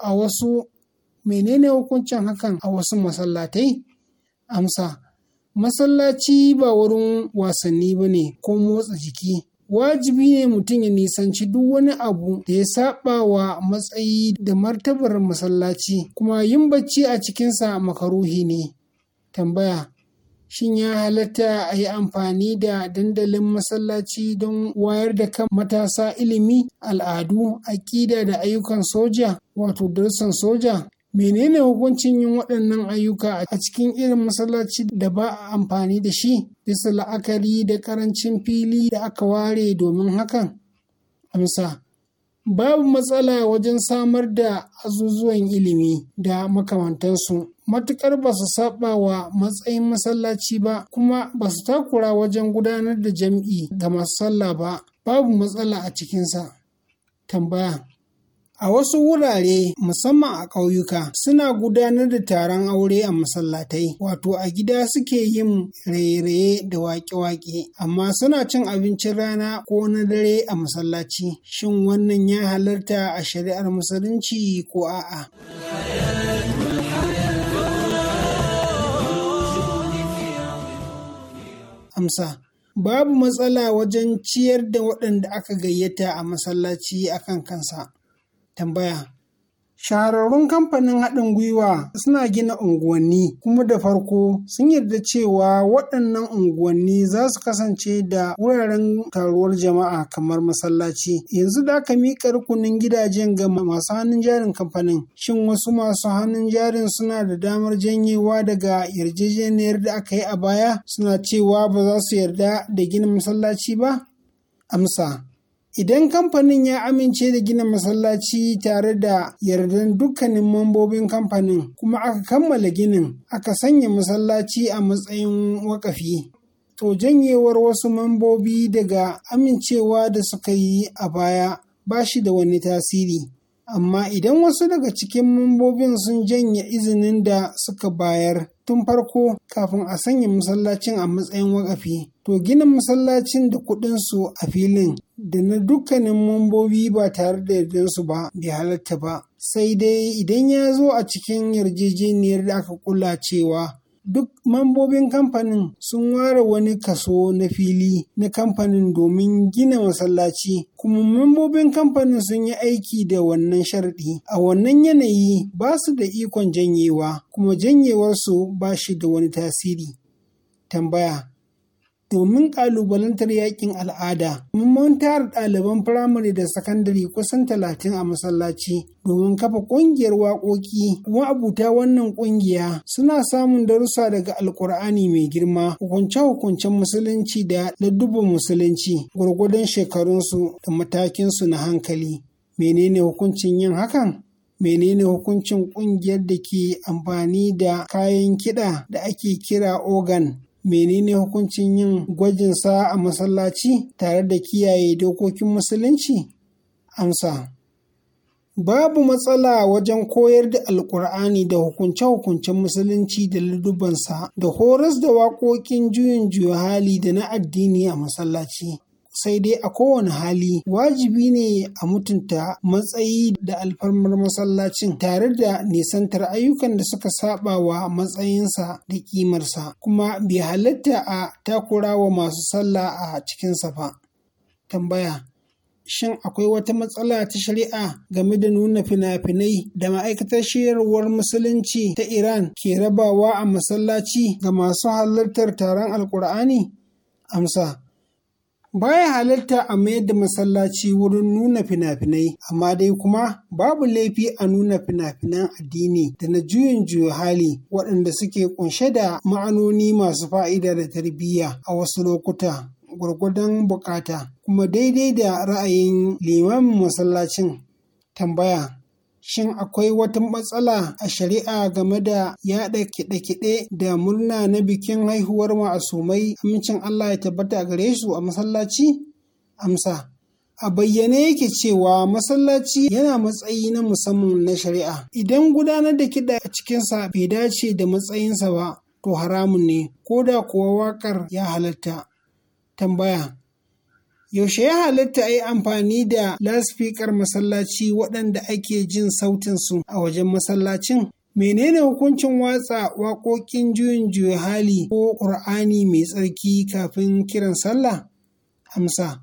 a wasu menene hukuncin hakan a wasu masallatai amsa masallaci ba wurin wasanni ba ne ko motsa jiki wajibi ne mutum ya nisanci duk wani abu da ya saba wa matsayi da martabar masallaci kuma yin bacci a cikinsa makaruhi ne tambaya shin ya halatta a yi amfani da dandalin masallaci don wayar da kan matasa ilimi al'adu aƙida da ayyukan soja wato darussan soja menene hukuncin yin waɗannan ayyuka a cikin irin masallaci da ba a amfani da shi bisa la'akari da karancin fili da aka ware domin hakan amsa Babu matsala wajen samar da azuzuwan ilimi da makamantansu, matuƙar ba su saba wa matsayin masallaci ba kuma ba su takura wajen gudanar da jam'i da masu ba, babu matsala a cikinsa. Tambaya A wasu wurare, musamman a ƙauyuka, suna gudanar da taron aure a masallatai, wato a gida suke yin raye-raye da waƙe-waƙe, amma suna cin abincin rana ko na dare a masallaci. Shin wannan ya halarta a shari'ar musulunci ko a'a? amsa babu matsala wajen ciyar da waɗanda aka gayyata a masallaci akan kansa tambaya. Shahararrun kamfanin haɗin gwiwa suna gina unguwanni kuma da farko sun yarda cewa waɗannan unguwanni za su kasance da wuraren taruwar jama'a kamar masallaci. Yanzu da aka miƙa rukunin gidajen ga masu hannun jarin kamfanin. Shin wasu masu hannun jarin suna da damar janyewa daga yarjejeniyar da aka yi a baya suna cewa ba za su yarda da gina masallaci ba? Amsa. Idan kamfanin ya amince da gina masallaci tare da yardan dukkanin mambobin kamfanin kuma aka kammala ginin aka sanya masallaci a matsayin wakafi. To janyewar wasu mambobi daga amincewa da suka yi a baya ba shi da wani tasiri. Amma idan wasu daga cikin mambobin sun janye izinin da suka bayar tun farko kafin a sanya masallacin a matsayin wakafi, to gina masallacin da kuɗinsu a filin da na dukkanin mambobi ba tare da yardansu ba bai halatta ba sai dai idan ya zo a cikin yarjejeniyar da aka kula cewa duk mambobin kamfanin sun ware wani kaso na fili na kamfanin domin gina masallaci kuma mambobin kamfanin sun yi aiki da wannan sharɗi a wannan yanayi ba su da ikon janyewa kuma janyewarsu ba shi da wani tasiri tambaya domin ƙalubalantar yakin al'ada. Mun tara ɗaliban firamare da sakandare kusan talatin a masallaci domin kafa ƙungiyar waƙoƙi. Kuma abuta wannan ƙungiya suna samun darussa daga Alƙur'ani mai girma, hukunce-hukuncen musulunci da ladduban musulunci, gwargwadon shekarunsu da matakinsu na hankali. Menene hukuncin yin hakan? menene hukuncin ƙungiyar da ke amfani da kayan kiɗa da ake kira organ menene hukuncin yin gwajin sa a masallaci tare da kiyaye dokokin musulunci? Amsa. Babu matsala wajen koyar da Alƙur'ani da hukunce-hukuncen musulunci da ludubansa da horas da waƙoƙin juyin juya hali da na addini a masallaci. sai dai a kowane hali wajibi ne a mutunta matsayi da alfarmar masallacin tare da nisantar ayyukan da suka saba wa matsayinsa da kimarsa kuma bai halatta a takura wa masu sallah a cikin fa. Tambaya Shin akwai wata matsala ta shari'a game da nuna fina-finai da ma'aikatar shayarwar musulunci ta Iran ke rabawa a masallaci ga masu halartar taron Alkur'ani? Amsa Ba halarta a mayar da masallaci wurin nuna fina-finai, amma dai kuma babu laifi a nuna fina-finan addini da na juyin juya hali waɗanda suke kunshe da ma'anoni masu fa'ida da tarbiyya a wasu lokuta. Gwargwadon bukata kuma daidai da ra'ayin limamin masallacin tambaya Shin akwai wata matsala a shari'a game da yaɗa kiɗe-kiɗe da murna na bikin haihuwar ma'asumai amincin Allah ya tabbata gare su a masallaci? Amsa. a bayyane yake cewa masallaci yana matsayi na musamman na shari'a idan gudanar da kiɗa a cikinsa bai dace da matsayinsa ba to haramun ne ko da kuwa waƙar ya halatta tambaya Yaushe ya halatta a yi amfani da lasfikar masallaci waɗanda ake jin sautin su a wajen masallacin? Menene hukuncin watsa waƙoƙin juyin juya hali ko ƙur'ani mai tsarki kafin kiran sallah? Amsa.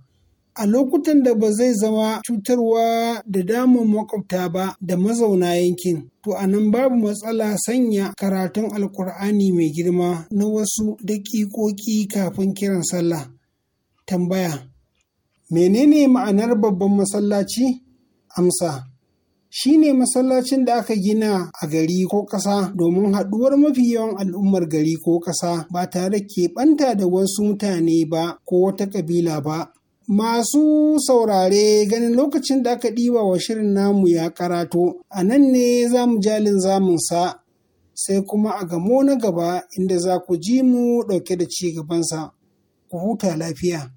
a lokutan da ba zai zama cutarwa da damun makwabta ba da mazauna yankin. To a nan babu matsala sanya karatun alkur'ani mai girma na wasu daƙiƙoƙi kafin kiran sallah. Tambaya Menene ma'anar babban masallaci? Amsa. Shi ne masallacin da aka gina a gari ko ƙasa domin haɗuwar mafi yawan al'ummar gari ko ƙasa ba tare ke keɓanta da wasu mutane ba ko wata ƙabila ba. Masu saurare ganin lokacin da aka ɗiba wa shirin namu ya karato, a nan ne za mu jalin zamunsa sai kuma a gamo na gaba inda za ku ji mu ɗauke da ci gabansa. Ku huta lafiya.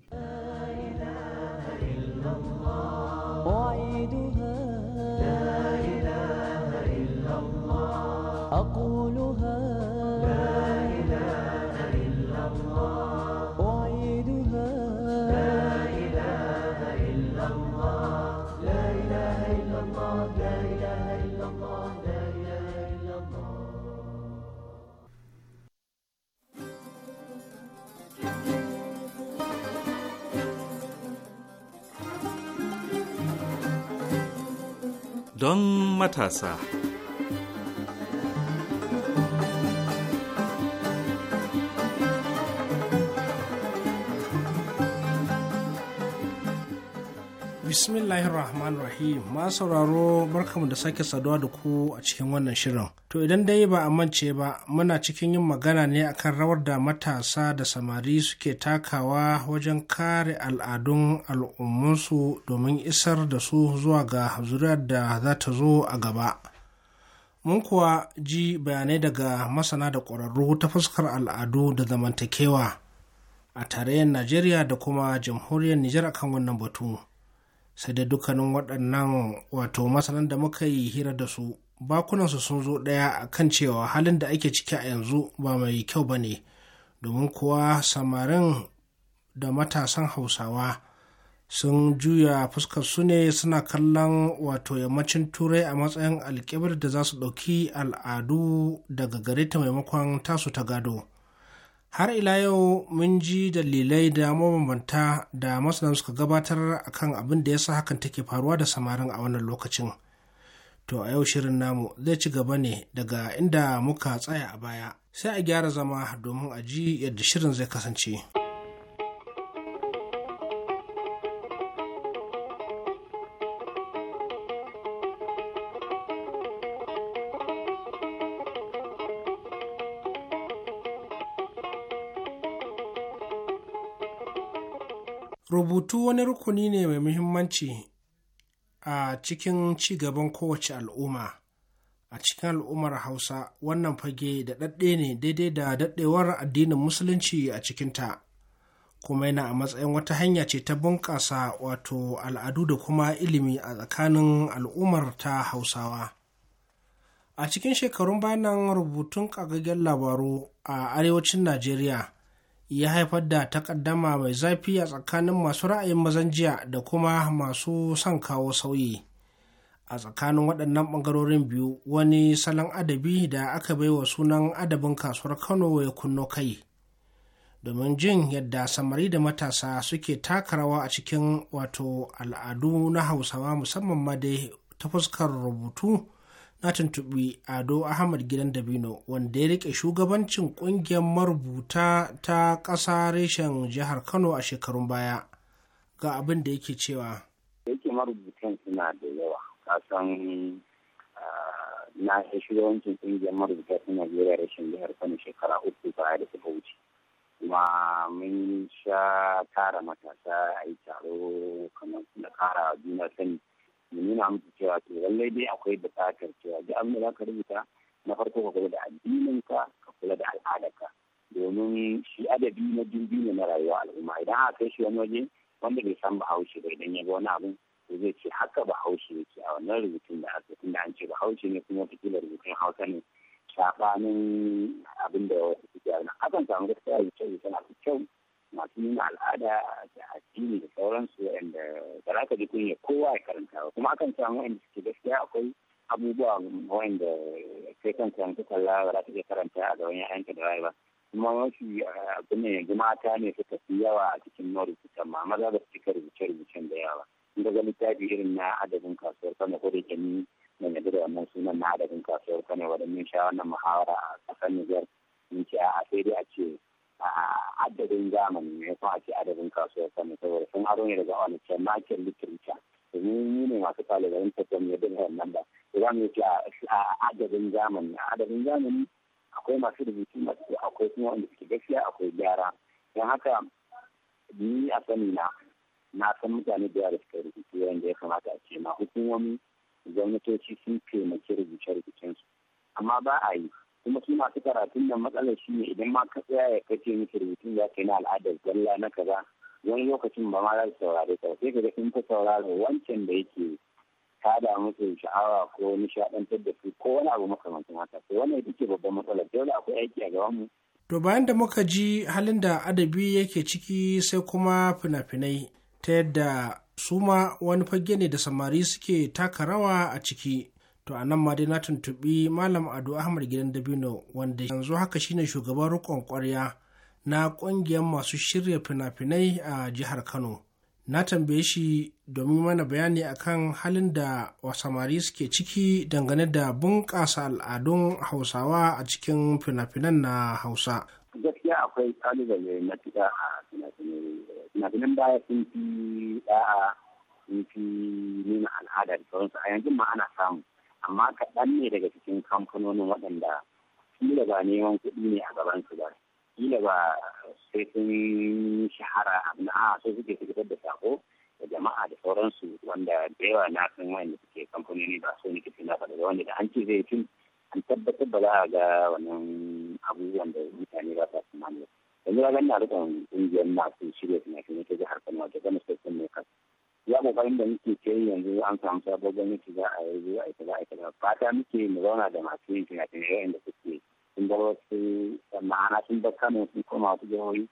don matasa. Bismillahirrahmanirrahim Rahim. Ma sauraro barkamu da sake saduwa da ku a cikin wannan shirin. To idan dai ba a mance ba muna cikin yin magana ne akan rawar da matasa da samari suke takawa wajen kare al'adun al'ummunsu domin isar da su zuwa ga zuriyar da za ta zo a gaba. Mun kuwa ji bayanai daga masana da ƙwararru ta fuskar al'adu da zamantakewa a tarayyar Najeriya da kuma jamhuriyar Nijar akan wannan batu. sai da dukkanin waɗannan wato masanan da muka yi hira da su bakunansu sun zo ɗaya a kan cewa halin da ake ciki a yanzu ba mai kyau ba ne domin kuwa samarin da matasan hausawa sun juya fuskar su ne suna kallon wato yammacin turai a matsayin alkibir da za su ɗauki al'adu daga gare ta maimakon tasu ta gado har ila yau mun ji dalilai da mabambanta da masana suka gabatar akan abin da ya sa hakan take faruwa da samarin a wannan lokacin to a yau shirin namu zai ci gaba ne daga inda muka tsaya a baya sai a gyara zama domin a ji yadda shirin zai kasance. Makarantu wani rukuni ne mai muhimmanci a cikin ci gaban kowace al'umma. A cikin al'ummar Hausa wannan fage da ɗaɗɗe ne daidai da daɗewar addinin Musulunci a cikinta, kuma yana a matsayin wata hanya ce ta bunƙasa wato al'adu da kuma ilimi a tsakanin al'ummar ta Hausawa. A cikin shekarun bayanan rubutun kagagen labaru a arewacin Najeriya. ya haifar da takaddama mai zafi a tsakanin masu ra'ayin mazan jiya da kuma masu son kawo sauyi a tsakanin waɗannan ɓangarorin biyu wani salon adabi da aka bai wa sunan adabin kasuwar kano ya kunno kai domin jin yadda samari da matasa suke taka rawa a cikin wato al'adu na hausawa musamman ma dai ta fuskar rubutu na tuntuɓi ado ahmad gidan dabino wanda ya rike shugabancin ƙungiyar marubuta ta ƙasa reshen jihar kano a shekarun baya ga abin da yake cewa yake marubutan suna da yawa kasan na shugabancin ƙungiyar marubuta ta najeriya reshen jihar kano shekara uku baya da suka wuce kuma mun sha tara matasa a yi taro kamar da kara juna sani ya nuna cewa to lallai dai akwai buƙatar cewa duk abin da za ka rubuta na farko ka kula da addininka ka kula da al'adarka domin shi adabi na dubi ne na rayuwa al'umma idan aka kai shi wani waje wanda bai san bahaushe ba idan ya ga wani abin to zai ce haka bahaushe yake a wannan rubutun da aka da an ce bahaushe ne kuma kila rubutun hausa ne saɓanin abin da wasu suke yana akan samu gaskiya rubuce rubuce da kyau masu nuna al'ada addini da sauransu wanda ba za ka ji kunya kowa ya karanta ba kuma akan samu wanda suke gaskiya akwai abubuwa wanda sai kan karanta kalla ba za ka iya karanta a gaban yayanka da rayuwa kuma mafi eh, abin ne yanzu mata ne suka fi yawa a cikin marubutan ma maza ba su cika rubuce-rubucen da yawa in ga littafi irin na adabin kasuwar kano ko da ni na nabi da wannan sunan na adabin kasuwar kano wadannan sha wannan muhawara a ƙasar Nijar in ce a sai dai a ce adadin zamani ne kuma ake adadin kasuwar sani saboda sun aro ne daga wani ce makin literature domin yi ne masu talibarin tattalin yadda da wannan ba za mu yi a adadin zamani a adadin zamani akwai masu rubutu masu akwai kuma wanda suke gaskiya akwai gyara don haka ni a sani na na san mutane da yawa suka rubutu wanda ya kamata a ce ma hukumomi gwamnatoci sun taimaki rubuce-rubucensu amma ba a yi kuma su masu karatun nan matsalar shi ne idan ma ka tsaya ya kace miki rubutun za ka yi na al'adar zalla na kaza wani lokacin ba ma za su saurare ka sai ka ga in ka saurare wancan da yake kada musu sha'awa ko nishaɗantar da su ko wani abu makamancin haka to wannan ita ce babban matsalar dole akwai aiki a gaban mu To bayan da muka ji halin da adabi yake ciki sai kuma fina-finai ta yadda suma wani fage ne da samari suke taka rawa a ciki to a nan ma dai na tuntuɓi malam ado ahmad gidan dabino wanda yanzu haka shine shugaban rikon kwarya na ƙungiyar masu shirya fina-finai a jihar kano na tambaye shi domin mana bayani akan halin da wasamari suke ciki dangane da bunƙasa al'adun hausawa a cikin fina-finan na hausa gaskiya akwai kalubale na tuka a fina-finan baya sun fi da'a sun fi nuna al'ada sauransu a yanzu ma ana samu amma kaɗan ne daga cikin kamfanonin waɗanda kila ba neman kuɗi ne a gabansu ba kila ba sai sun shahara a sai suke fitar da sako da jama'a da sauransu wanda da yawa na san wanda suke kamfanoni ba so ne kifin nafa daga wanda da an ce zai fi an tabbatar ba za a ga wannan abubuwan da mutane ba sa tsammani yanzu ga na rikon ƙungiyar masu shirya fina-finai ta jihar kano da gama sassan ne kasu ya kokarin da muke ke yanzu an samu sabon gwamnati za a yi za a yanzu a ba fata muke mu zauna da masu yin fina yayin da suke sun bar wasu ma'ana sun bar kano sun koma wasu jihohi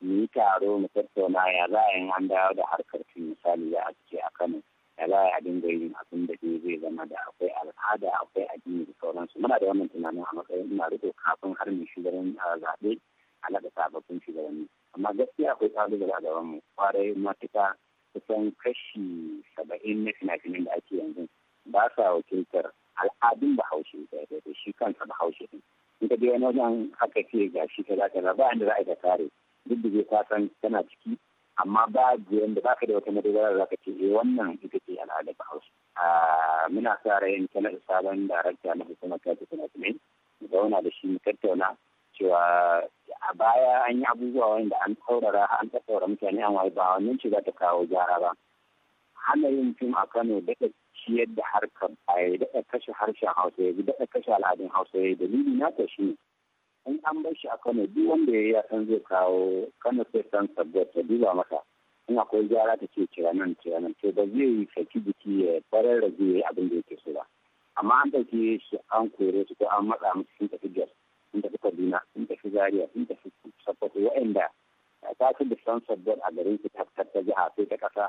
mu yi taro mu tattauna ya za a yi an dawo da harkar fi misali ya a ce a kano ya za a dinga yin abin da zai zama da akwai al'ada akwai addini da sauransu muna da wannan tunanin a matsayin ina rufe kafin har mu shugaban zaɓe a naɗa sababbin shugabanni amma gaskiya akwai ƙalubale a gabanmu kwarai matuƙa kusan kashi saba'in na fina-finai da ake yanzu ba sa wakiltar al'adun bahaushe da shi kansa bahaushe din in ka biya wani wajen haka ce ga shi ta kaza ba inda za a ta kare duk da zai fasan tana ciki amma ba da ka da wata madogara za ka ce eh, wannan ita ce al'adar bahaushe muna sa ta sanar sabon darakta na hukumar kaji finafinai mu zauna da shi mu tattauna cewa a baya an yi abubuwa wanda an tsaurara an mutane an waye ba wannan shiga ta kawo gyara ba hana yin fim a kano daɗa ciyar da harkar baya daɗa kashe harshen hausa ya daɗa kashe al'adun hausa ya dalili na ta shi in an bar shi a kano duk wanda ya ya san zai kawo kano sai san sabbin ta duba masa in akwai gyara ta ce kira nan kira nan to ba zai yi saki biki ya farar da zai yi abin da yake so ba amma an ɗauke shi an kore su ko an matsa musu sun tafi gas inda suka kaduna sun tafi zaria sun tafi sabbata waɗanda eh, ta tafi da san sabbin a garin su ta ta jiha sai ta ƙasa.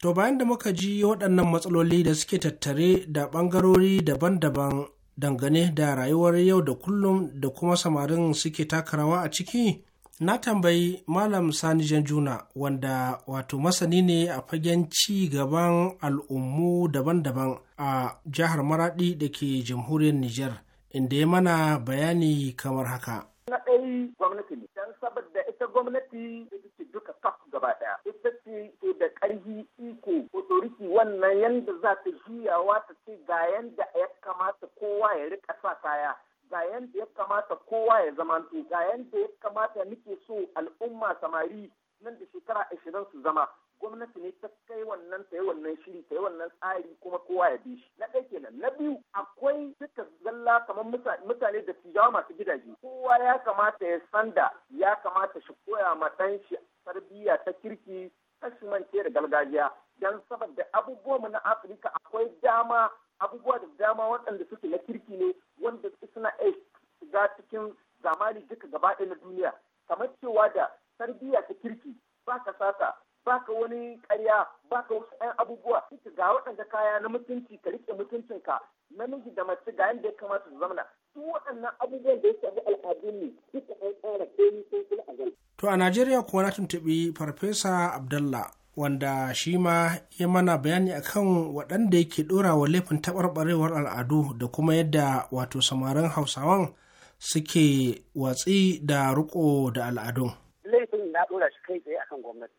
To bayan da muka ji waɗannan matsaloli da suke tattare da ɓangarori daban-daban dangane da rayuwar yau da kullum da kuma samarin suke takarawa a ciki na tambayi malam sani janjuna wanda wato masani ne a fagen ci gaban al'ummu daban-daban a jihar maradi da ke jamhuriyar niger inda ya mana bayani kamar haka na ɗai gwamnati ne don saboda ita gwamnati ita duka kaf gaba ɗaya ita ce da ƙarfi iko otoriki wannan yanda za ta juyawa ta ce ga yanda ya kamata kowa ya rika sa kaya ga yanda ya kamata kowa ya zama ga yanda ya kamata nake so al'umma samari nan da shekara ashirin su zama gwamnati ne ta kai wannan ta yi wannan shiri ta yi wannan tsari kuma kowa ya bi shi na ɗaya kenan na biyu akwai duka zalla kamar mutane da jawo masu gidaje kowa ya kamata ya san da ya kamata shi koya ma ɗan shi tarbiyya ta kirki kashimance da gargajiya don saboda abubuwanmu na afirka akwai dama abubuwa da dama waɗanda suke na kirki ne wanda suna iya shiga cikin zamani duka gaba ɗaya na duniya kamar cewa da tarbiyya ta kirki ba ka sata baka wani karya baka wasu 'yan abubuwa ga waɗanda kaya na mutunci ka rike mutuncinka namiji da mace ga yadda ya kamata su zamana su waɗannan abubuwan da ya shafi al'adun ne duka ɗan tsara komi sun kula a gani. To a Najeriya kuwa na tuntuɓi Farfesa Abdallah wanda shi ma ya mana bayani akan waɗanda yake ɗora wa laifin taɓarɓarewar al'adu da kuma yadda wato samarin hausawan suke watsi da riko da al'adun. Laifin na ɗora shi kai tsaye akan gwamnati.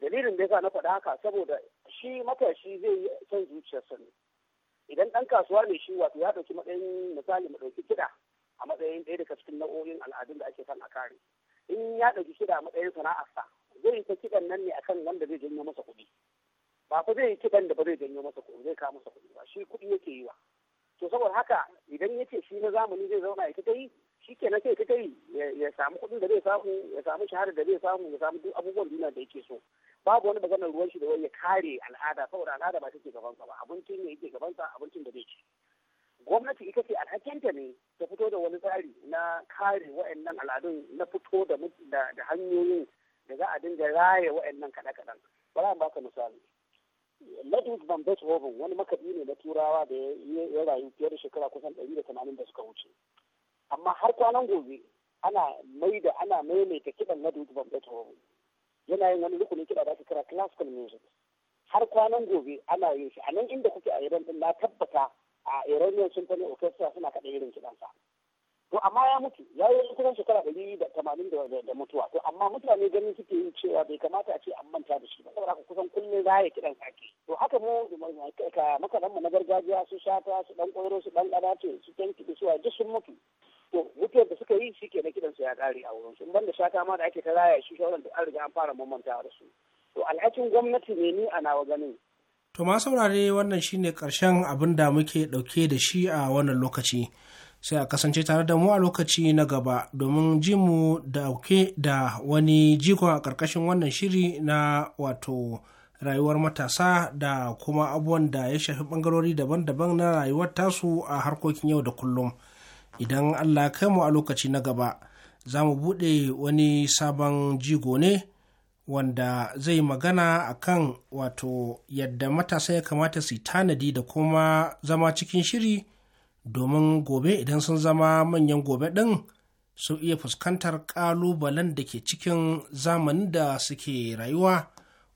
dalilin da yasa na faɗa haka saboda shi matashi zai yi son zuciyarsa ne idan ɗan kasuwa ne shi wato ya ɗauki matsayin misali mu ɗauki kiɗa a matsayin ɗaya daga cikin nau'o'in al'adun da ake son a kare in ya ɗauki kiɗa a matsayin sana'arsa zai yi ta kiɗan nan ne akan wanda zai janyo masa kuɗi ba fa zai yi kiɗan da ba zai janyo masa kuɗi zai kawo masa kuɗi ba shi kuɗi yake yi wa to saboda haka idan ya ce shi na zamani zai zauna ya ta yi shi ke na kai ya samu kuɗin da zai samu ya samu shahara da zai samu ya samu duk abubuwan duniya da yake so babu wani maganar ruwan shi da wai ya kare al'ada saboda al'ada ba take gabansa ba abincin ne yake gabansa abincin da zai gwamnati ita ce alhakinta ne ta fito da wani tsari na kare wa'annan al'adun na fito da da hanyoyin da za a dinga raye wa'annan kaɗan-kaɗan bari ba baka misali Ludwig van Beethoven wani makaɗi ne na turawa da ya rayu fiye da shekara kusan ɗari da tamanin da suka wuce amma har kwanan gobe ana maida ana maimaita kiɗan Ludwig van Beethoven yana yin wani rukunin kiɗa da ake kira classical music har kwanan gobe ana yin shi a nan inda kuke a iran din na tabbata a iranian symphony orchestra suna kaɗa irin kiɗansa to amma ya mutu ya yi kusan shekara ɗari da tamanin da mutuwa to amma mutane ganin suke yi cewa bai kamata a ce an manta da shi ba saboda kusan kullum za ya kiɗan sake to haka mu makaranmu na gargajiya su shata su ɗan ƙwairo su ɗan ƙadace su kyankiɗi su duk sun mutu to mutuwar da suka yi shi ke na su ya kare a wurin sun banda shata ma da ake ta raya shi shauran da an riga an fara mamantawa da su to alhakin gwamnati ne ni a nawa ganin To ma saurare wannan shine karshen abin da muke ɗauke da shi a wannan lokaci. Sai a kasance tare da mu a lokaci na gaba domin ji mu dauke da wani jiko a ƙarƙashin wannan shiri na wato rayuwar matasa da kuma abubuwan da ya shafi bangarori daban-daban na rayuwar tasu a harkokin yau da kullum. idan allah kai mu a lokaci na gaba za mu buɗe wani sabon jigo ne wanda zai magana akan wato yadda matasa ya kamata su tanadi da kuma zama cikin shiri domin gobe idan sun zama manyan gobe ɗin su iya fuskantar ƙalubalen da ke cikin zamanin da suke rayuwa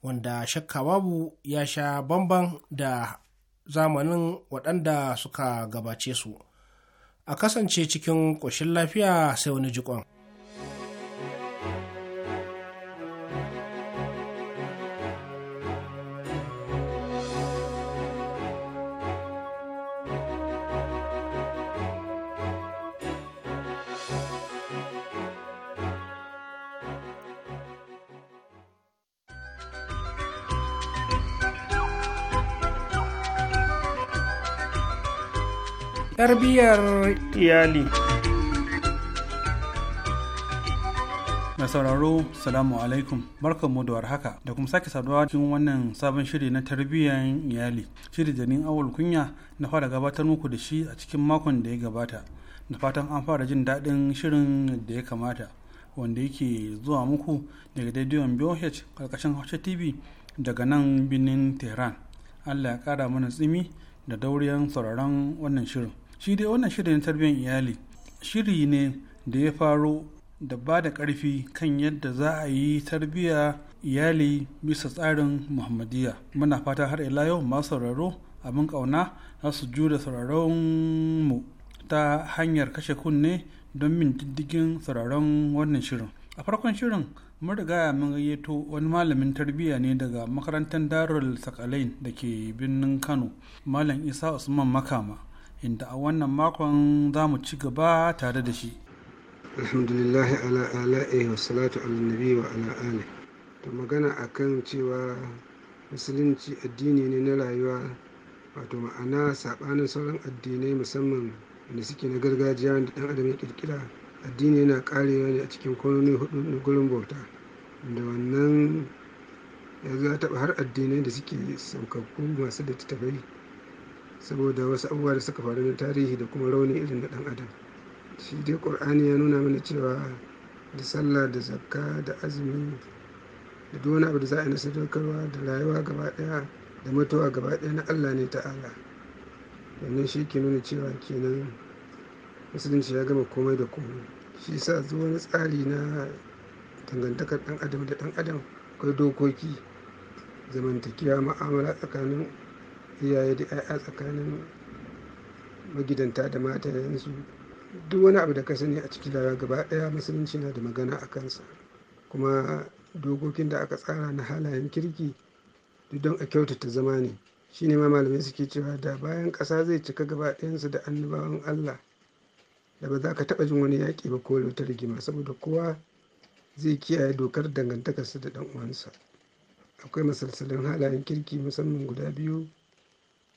wanda shakka babu ya sha bamban da zamanin waɗanda suka gabace su. a kasance cikin ƙoshin lafiya sai wani jikon. tarbiyyar iyali na sauraro salamu alaikum barkanmu da warhaka da kuma sake saduwa cikin wannan sabon shiri na tarbiyyar iyali shiri janin awul kunya na fara gabatar muku da shi a cikin makon da ya gabata Na fatan an fara jin daɗin shirin da ya kamata wanda yake zuwa muku daga daidaiwan boh karkashin hausa tv daga nan birnin tehran allah ya kara mana tsimi da dauriyan sauraron wannan shirin shi dai wannan shirin tarbiyyar iyali shiri ne da ya faro da ba da ƙarfi kan yadda za a yi tarbiyya iyali bisa tsarin muhammadiyya muna fata har ila yau masu sauraro abin ƙauna za su jure sauraron mu ta hanyar kashe kunne don min diddigin sauraron wannan shirin a farkon shirin mun riga mun gayyato wani malamin tarbiyya ne daga makarantar darul sakalain da ke birnin kano malam isa usman makama inda a wannan makon za mu ci gaba tare da shi alhamdulillahi ala ala'i wa salatu alannabi wa ala ali ta magana a kan cewa musulunci addini ne na rayuwa wato ma'ana saɓanin sauran addinai musamman da suke na gargajiya da ɗan adam ya ƙirƙira addini yana karewa ne a cikin kwanoni hudu na gurin bauta da wannan ya za taɓa har addinai da suke saukakku masu da tafai saboda wasu abubuwa da suka faru na tarihi da kuma rauni irin na ɗan adam shi dai Kur'ani ya nuna mana cewa da sallah da zakka da azumi da duk wani abu da za a yi na sadaukarwa da rayuwa gaba daya da mutuwa gaba daya na allah ne ta'ala wannan shi ke nuna cewa kenan musulunci ya gama komai da komai shi sa zuwa wani tsari na dangantakar ɗan adam da ɗan adam akwai dokoki zamantakewa ma'amala tsakanin iyaye da 'ya'ya tsakanin magidanta da matayensu duk wani abu da ka sani a cikin rayuwa gaba ɗaya musulunci na da magana a kansa kuma dokokin da aka tsara na halayen kirki duk don a kyautata zama ne shi ne ma malamai suke cewa da bayan ƙasa zai cika gaba ɗayansu da annabawan allah da ba za ka taɓa jin wani yaƙi ba ko ta rigima saboda kowa zai kiyaye dokar dangantakarsa da ɗan uwansa akwai masalsalin halayen kirki musamman guda biyu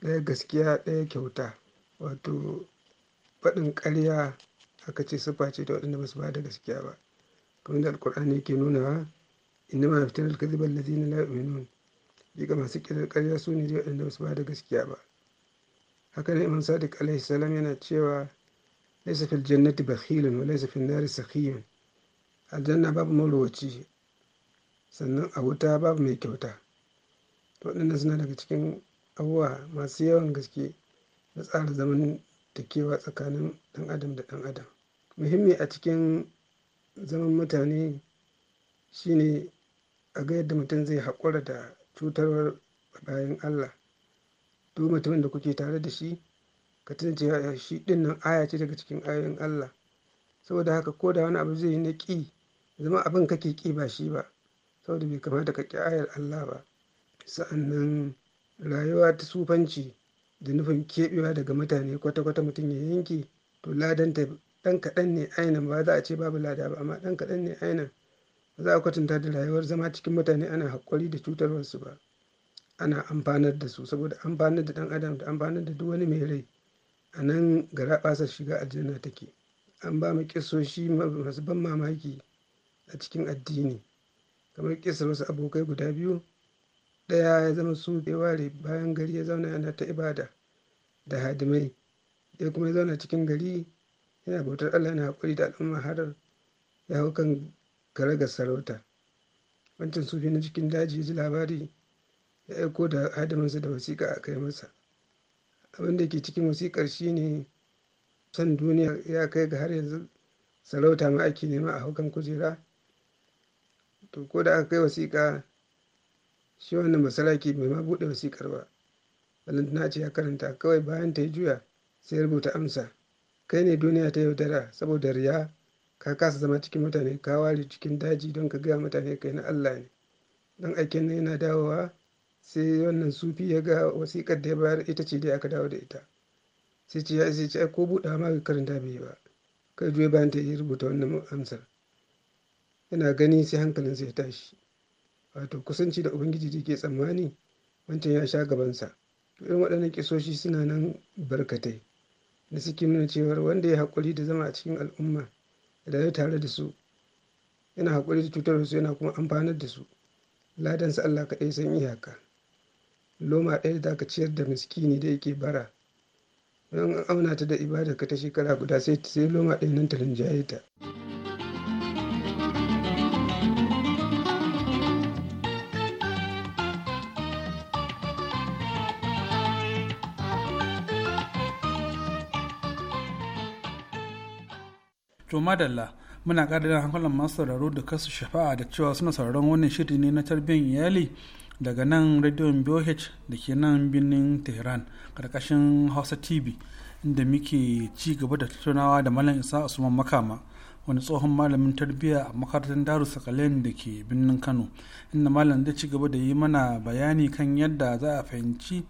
ɗaya gaskiya ɗaya kyauta wato faɗin ƙarya aka ce sifa ce ta waɗanda ba su ba da gaskiya ba kamar da alkur'ani ke nuna nunawa inna ma fitar alkazibar lazina la yu'minun diga masu ƙirar ƙarya su ne waɗanda ba su ba da gaskiya ba haka ne imam sadiq alaihi salam yana cewa laysa fil jannati bakhilun wa laysa fil nari sakhiyun aljanna babu mawruci sannan a wuta babu mai kyauta waɗannan suna daga cikin abubuwa masu yawan gaske na tsara zaman takewa tsakanin ɗan adam da ɗan adam muhimmi a cikin zaman mutane shine a ga yadda mutum zai haƙura da cutarwar bayan allah duk mutumin da kuke tare da shi ka cewa shi ɗin nan aya ce daga cikin ayoyin allah saboda haka ko da wani abu zai yi na ƙi zama abin kake ƙi ba shi ba saboda bai kamata ka ƙi ayar allah ba sa'annan rayuwa ta sufanci da nufin keɓewa daga mutane kwata-kwata mutum ya yanke to ladanta ɗan kaɗan ne ainihin ba za a ce babu lada ba amma ɗan kaɗan ne ainihin ba za a kwatanta da rayuwar zama cikin mutane ana haƙuri da cutarwarsu ba ana amfanar da su saboda amfanar da ɗan adam da amfanar da duk wani mai rai a nan gara ɓasa shiga aljanna take an ba mu kisoshi masu ban mamaki a cikin addini kamar kisar wasu abokai guda biyu ɗaya ya zama su ya ware bayan gari ya zauna yana ta ibada da hadimai ya kuma ya zauna cikin gari yana bautar allah yana haƙuri da al'umma har ya hau kan karagar sarauta wancan sufi na cikin daji ji labari ya aiko da hadiminsa da wasiƙa a kai masa abin da ke cikin wasiƙar shi ne son duniya ya kai ga har yanzu sarauta ma ake nema a haukan kujera to ko da aka kai wasiƙa shi wannan basaraki bai ma buɗe wasikar ba balantana ce ya karanta kawai bayan ta yi juya sai rubuta amsa kai ne duniya ta yaudara saboda riya ka kasa zama cikin mutane ka ware cikin daji don ka gaya mutane kai na allah ne Dan aikin ne yana dawowa sai wannan sufi ya ga wasikar da ya bayar ita ce dai aka dawo da ita sai ce ya ce ko buɗa ma karanta bai ba kai juya bayan ta yi rubuta wannan amsar yana gani sai hankalinsa ya tashi wato kusanci da ubangiji da ke tsammani wancan ya sha gabansa to irin waɗannan kisoshi suna nan barkatai da suke nuna cewar wanda ya haƙuri da zama a cikin al'umma da ya tare da su yana haƙuri da cutar da su yana kuma amfanar da su ladansa allah kaɗai san iyaka loma ɗaya da ka ciyar da miskini da yake bara don an auna ta da ibada ka ta shekara guda sai loma ɗaya nan ta rinjaye ta. to madalla muna da hankalin masu sauraro da kasu shafa'a da cewa suna sauraron wannan shiri ne na tarbiyyar iyali daga nan rediyon boh da ke nan birnin tehran karkashin hausa tv inda muke ci gaba da tattaunawa da malam isa usman makama wani tsohon malamin tarbiyya a makarantar daru sakalen da ke birnin kano inda malam zai ci gaba da yi mana bayani kan yadda za a fahimci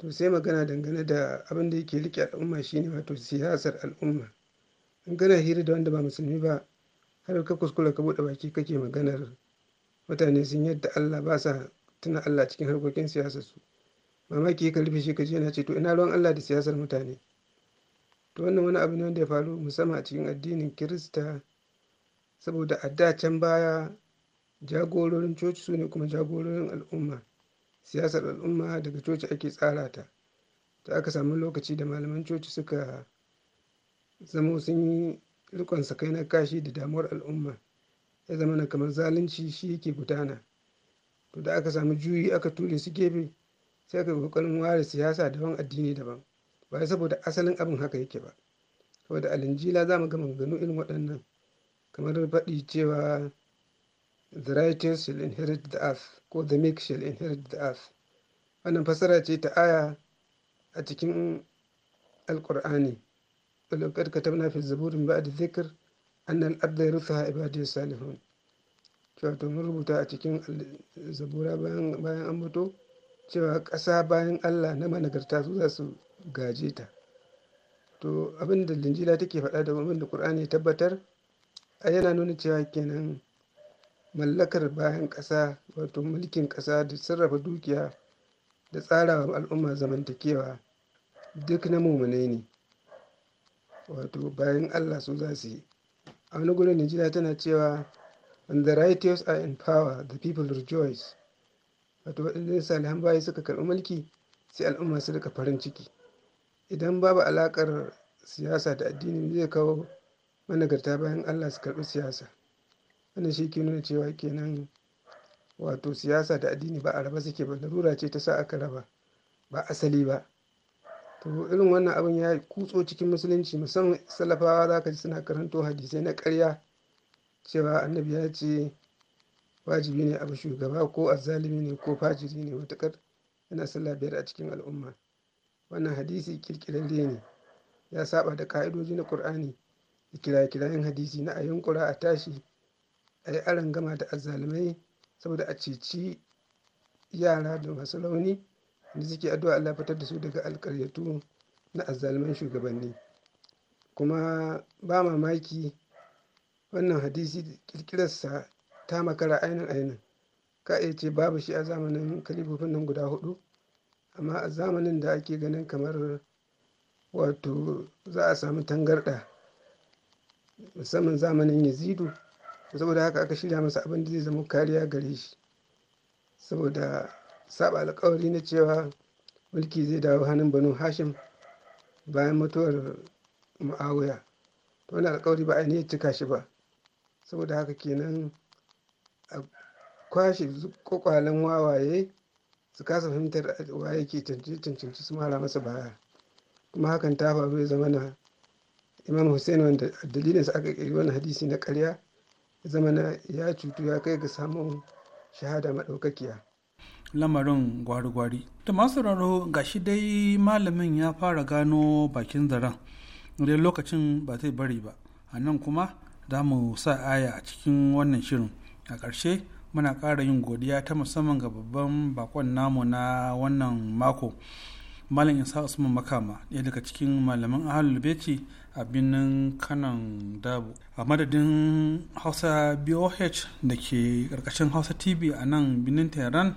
to sai magana dangane da abin da yake rike al'umma shine wato siyasar al'umma in gana hira da wanda ba musulmi ba har ka kuskura ka buɗe baki kake maganar mutane sun yadda Allah ba sa tuna Allah cikin harkokin siyasar su mamaki ka rufe shi ka na ce to ina ruwan Allah da siyasar mutane to wannan wani abu ne wanda ya faru musamman a cikin addinin Kirista saboda a da can baya jagororin coci su ne kuma jagororin al'umma siyasar al'umma daga coci ake tsara ta ta aka samu lokaci da malaman coci suka zamo sun yi rikon sakai na kashi da damuwar al'umma ya zama na kamar zalunci shi yake gudana to da aka samu juyi aka ture su gefe sai aka kokarin ware siyasa daban addini daban ba ya saboda asalin abin haka yake ba saboda alinjila za mu gama ganu irin waɗannan kamar faɗi cewa the righteous shall inherit the earth ko the meek shall inherit the earth wannan fasara ce ta aya a cikin alkur'ani ولقد كتبنا في الزبور من بعد الذكر أن الأرض يرثها عبادي الصالحون cewa to mun rubuta a cikin zabura bayan an bato cewa ƙasa bayan allah na managarta su za su gaje ta to abin da linjila take faɗa da abin da ƙur'ani ya tabbatar a yana nuna cewa kenan mallakar bayan ƙasa wato mulkin ƙasa da sarrafa dukiya da tsarawa al'umma zamantakewa duk na muminai ne wato bayan allah su za su yi a wani gudun nigeria tana cewa when the righteous are in power the people rejoice wato waɗanda salihan bayi suka karɓi mulki sai al'umma su rika farin ciki idan babu alaƙar siyasa da addini zai kawo managarta bayan allah su karɓi siyasa wannan shi ke nuna cewa kenan wato siyasa da addini ba a raba suke ba larura ce ta sa aka raba ba asali ba to irin wannan abin ya kutso cikin musulunci musamman salafawa za ka ji suna karanto hadisai na karya cewa annabi ya ce wajibi ne abu shugaba ko azalimi ne ko fajiri ne matukar yana sallah biyar a cikin al'umma wannan hadisi kirkirarre ne ya saba da ka'idoji na qur'ani kira kirayen hadisi na ayin kura a tashi a yi aron gama da azalimai saboda a ceci yara da masu launi da suke addu'a Allah fitar da su daga alƙaryatu na azzaluman shugabanni kuma ba mamaki wannan hadisi kirkirarsa ta makara ainin ainin ka iya ce babu shi a zamanin kalifofin nan guda hudu amma a zamanin da ake ganin kamar wato za a samu tangarɗa musamman zamanin yazidu saboda haka aka shirya masa abin da zai zama kariya gare shi saboda saba alkawari na cewa mulki zai dawo hannun banu hashim bayan mutuwar ma'awuya to wani alkawari ba ne cika shi ba saboda haka kenan a kwashe kwakwalen wawaye su kasa fahimtar waye yake cancanci su mara masa baya kuma hakan ta faru ya zama na imam hussein wanda dalilinsa aka kiri wani hadisi na karya ya zama na ya cutu ya kai ga samun shahada maɗaukakiya lamarin gwari-gwari ta masu raro shi dai malamin ya fara gano bakin zaren da lokacin ba zai bari ba a nan kuma za mu sa aya a cikin wannan shirin a ƙarshe muna ƙara yin godiya ta musamman ga babban bakon namu na wannan mako malam isa usman makama ɗaya daga cikin malaman ahalul beci a binin kanan dabu a madadin hausa boh da ke ƙarƙashin hausa tv a nan birnin tehran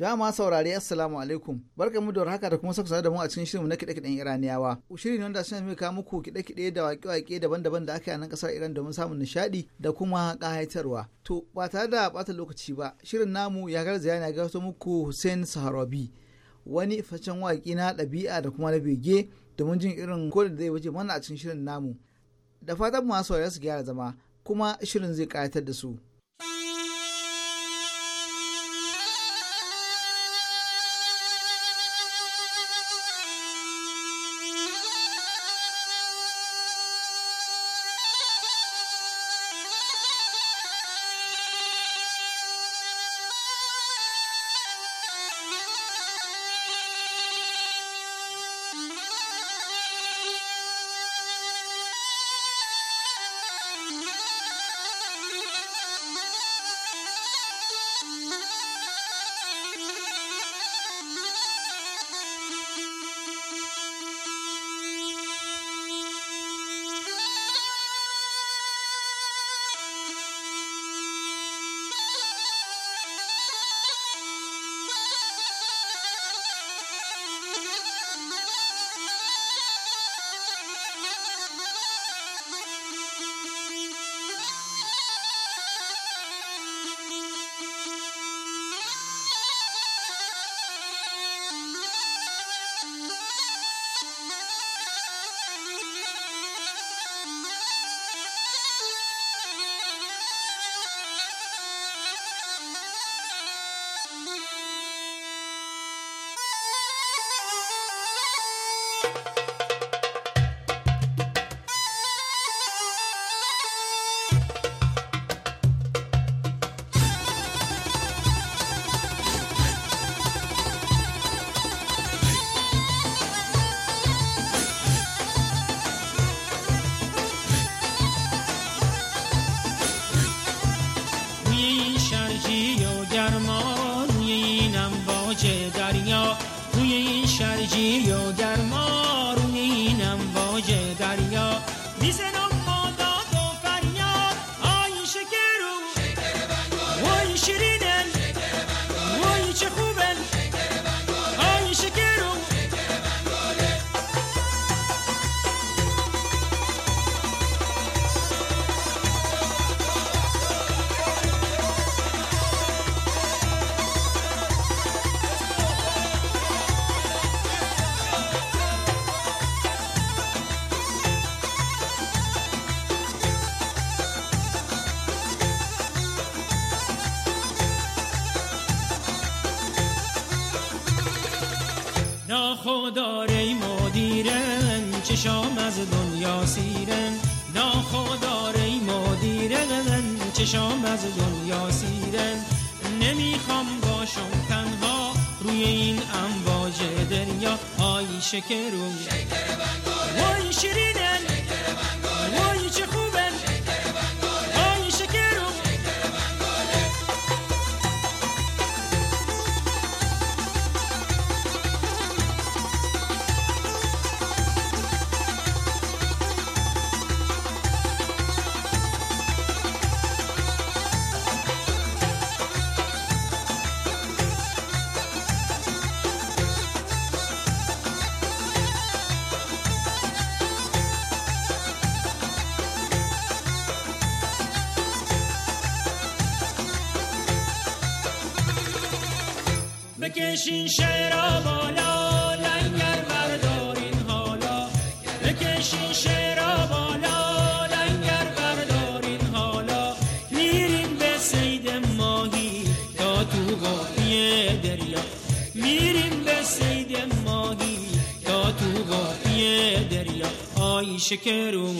Jama'a saurari assalamu alaikum. Barka mu da haka da kuma saka da mu a cikin shirinmu na kiɗe-kiɗen Iraniyawa. Shiri ne wanda suna muka muku kiɗe-kiɗe da waƙe-waƙe daban-daban da aka yi a nan ƙasar Iran domin samun nishaɗi da kuma ƙayatarwa. To ba tare da ɓata lokaci ba, shirin namu ya garzaya na gabato muku Hussein Saharabi. Wani facen waƙi na ɗabi'a da kuma na bege domin jin irin ko da zai waje mana a cikin shirin namu. Da fatan masu su gyara zama kuma shirin zai ƙayatar da su. بکشین شعرا بالا لنگر بردارین حالا بکشین شعرا بالا لنگر بردارین حالا میرین به سید ماهی تا تو غافی دریا میریم به سید ماهی تا تو غافی دریا آی شکرون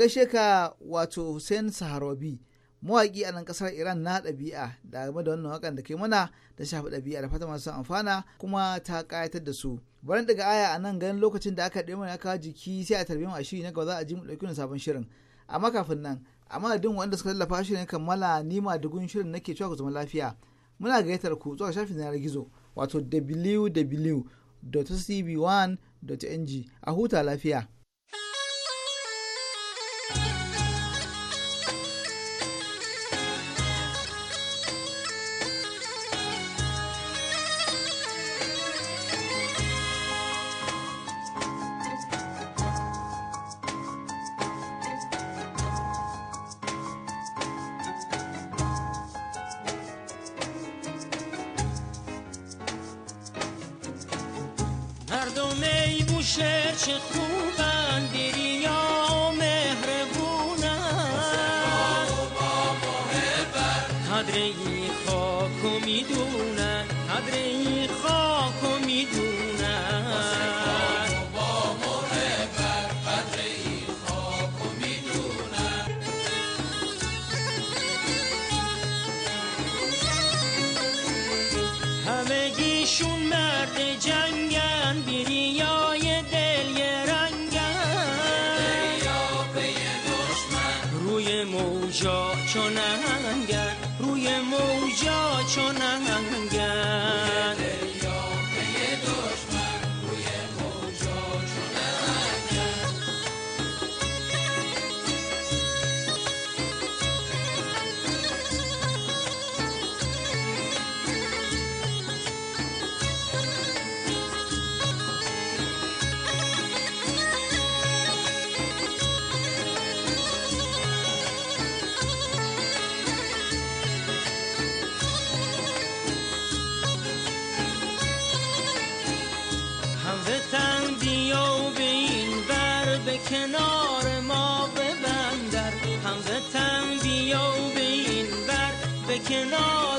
gaishe ka wato Hussein Saharobi mawaƙi a nan ƙasar Iran na ɗabi'a da game da wannan waƙan da kai mana da shafi ɗabi'a da fata masu amfana kuma ta ƙayatar da su. Barin daga aya a nan ganin lokacin da aka ɗaya aka jiki sai a tarbi a shiri na gaba za a ji mu ɗauki sabon shirin. Amma kafin nan amma duk wanda suka tallafa shirin kammala nima dugun shirin nake cewa ku zama lafiya. Muna gayyatar ku zuwa shafin yanar gizo wato www.cb1.ng a huta lafiya. مردم ای بوشهر چه خوبن دیری و مهربونن قدر این خاک میدونن قدر این can all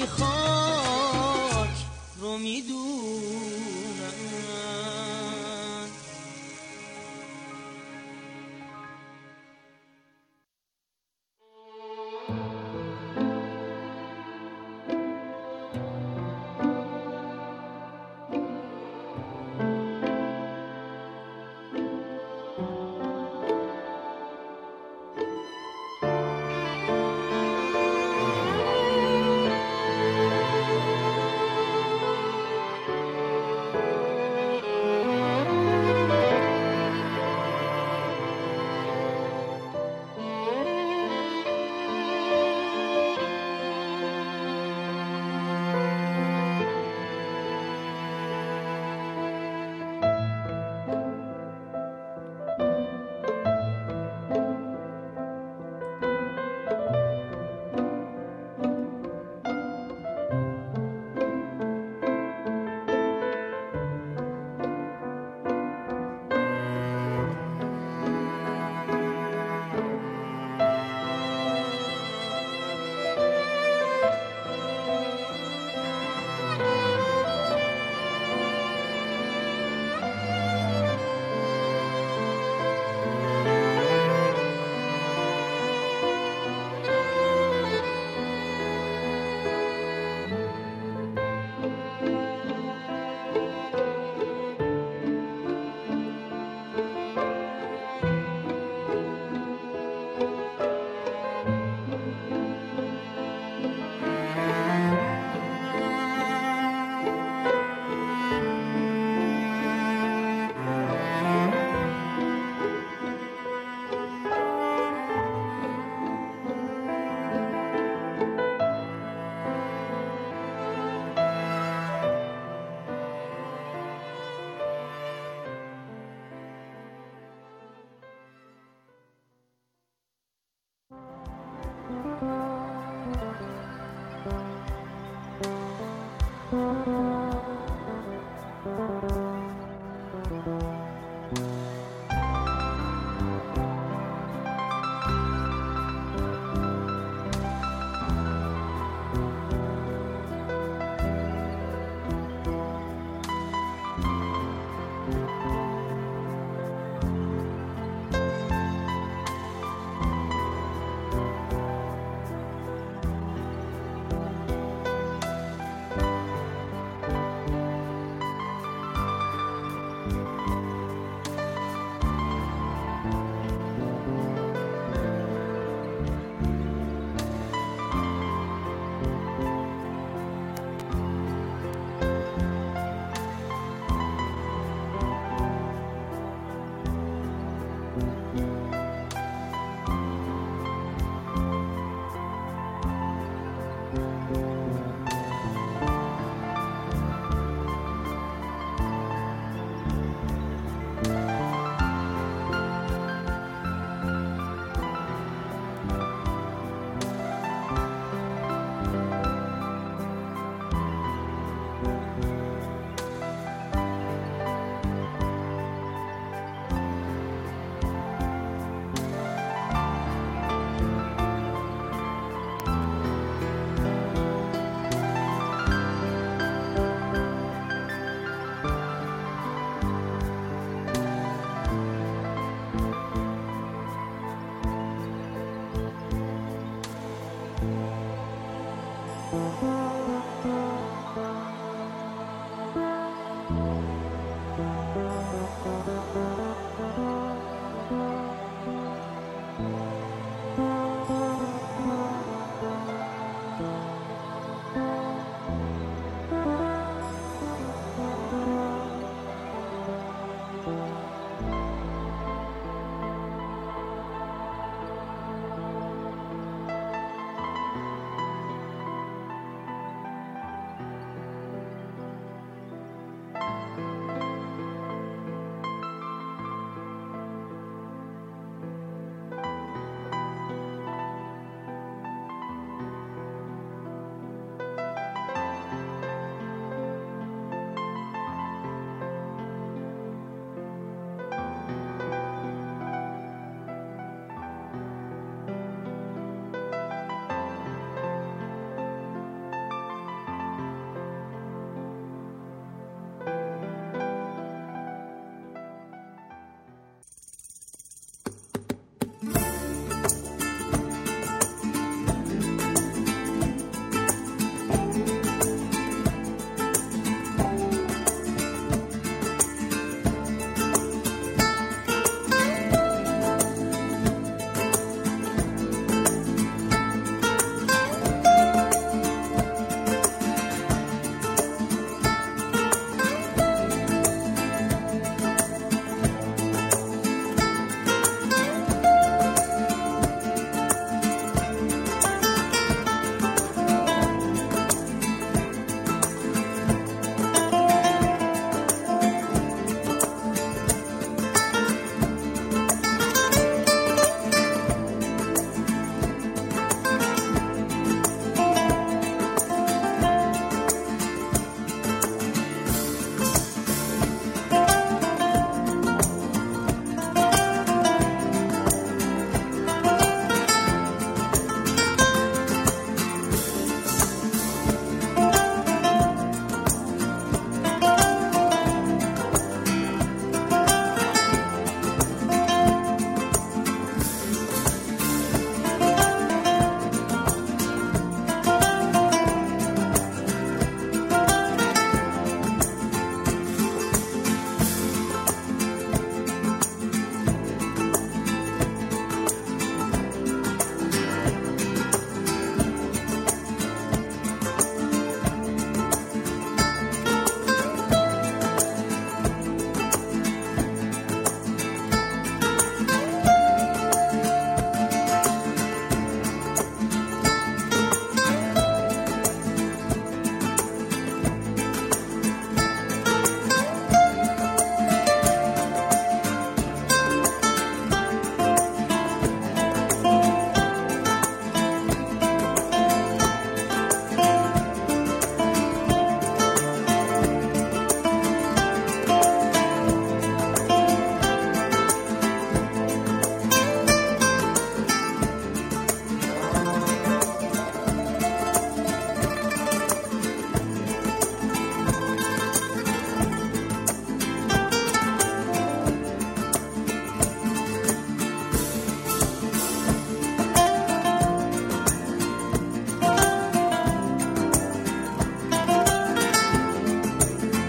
以后。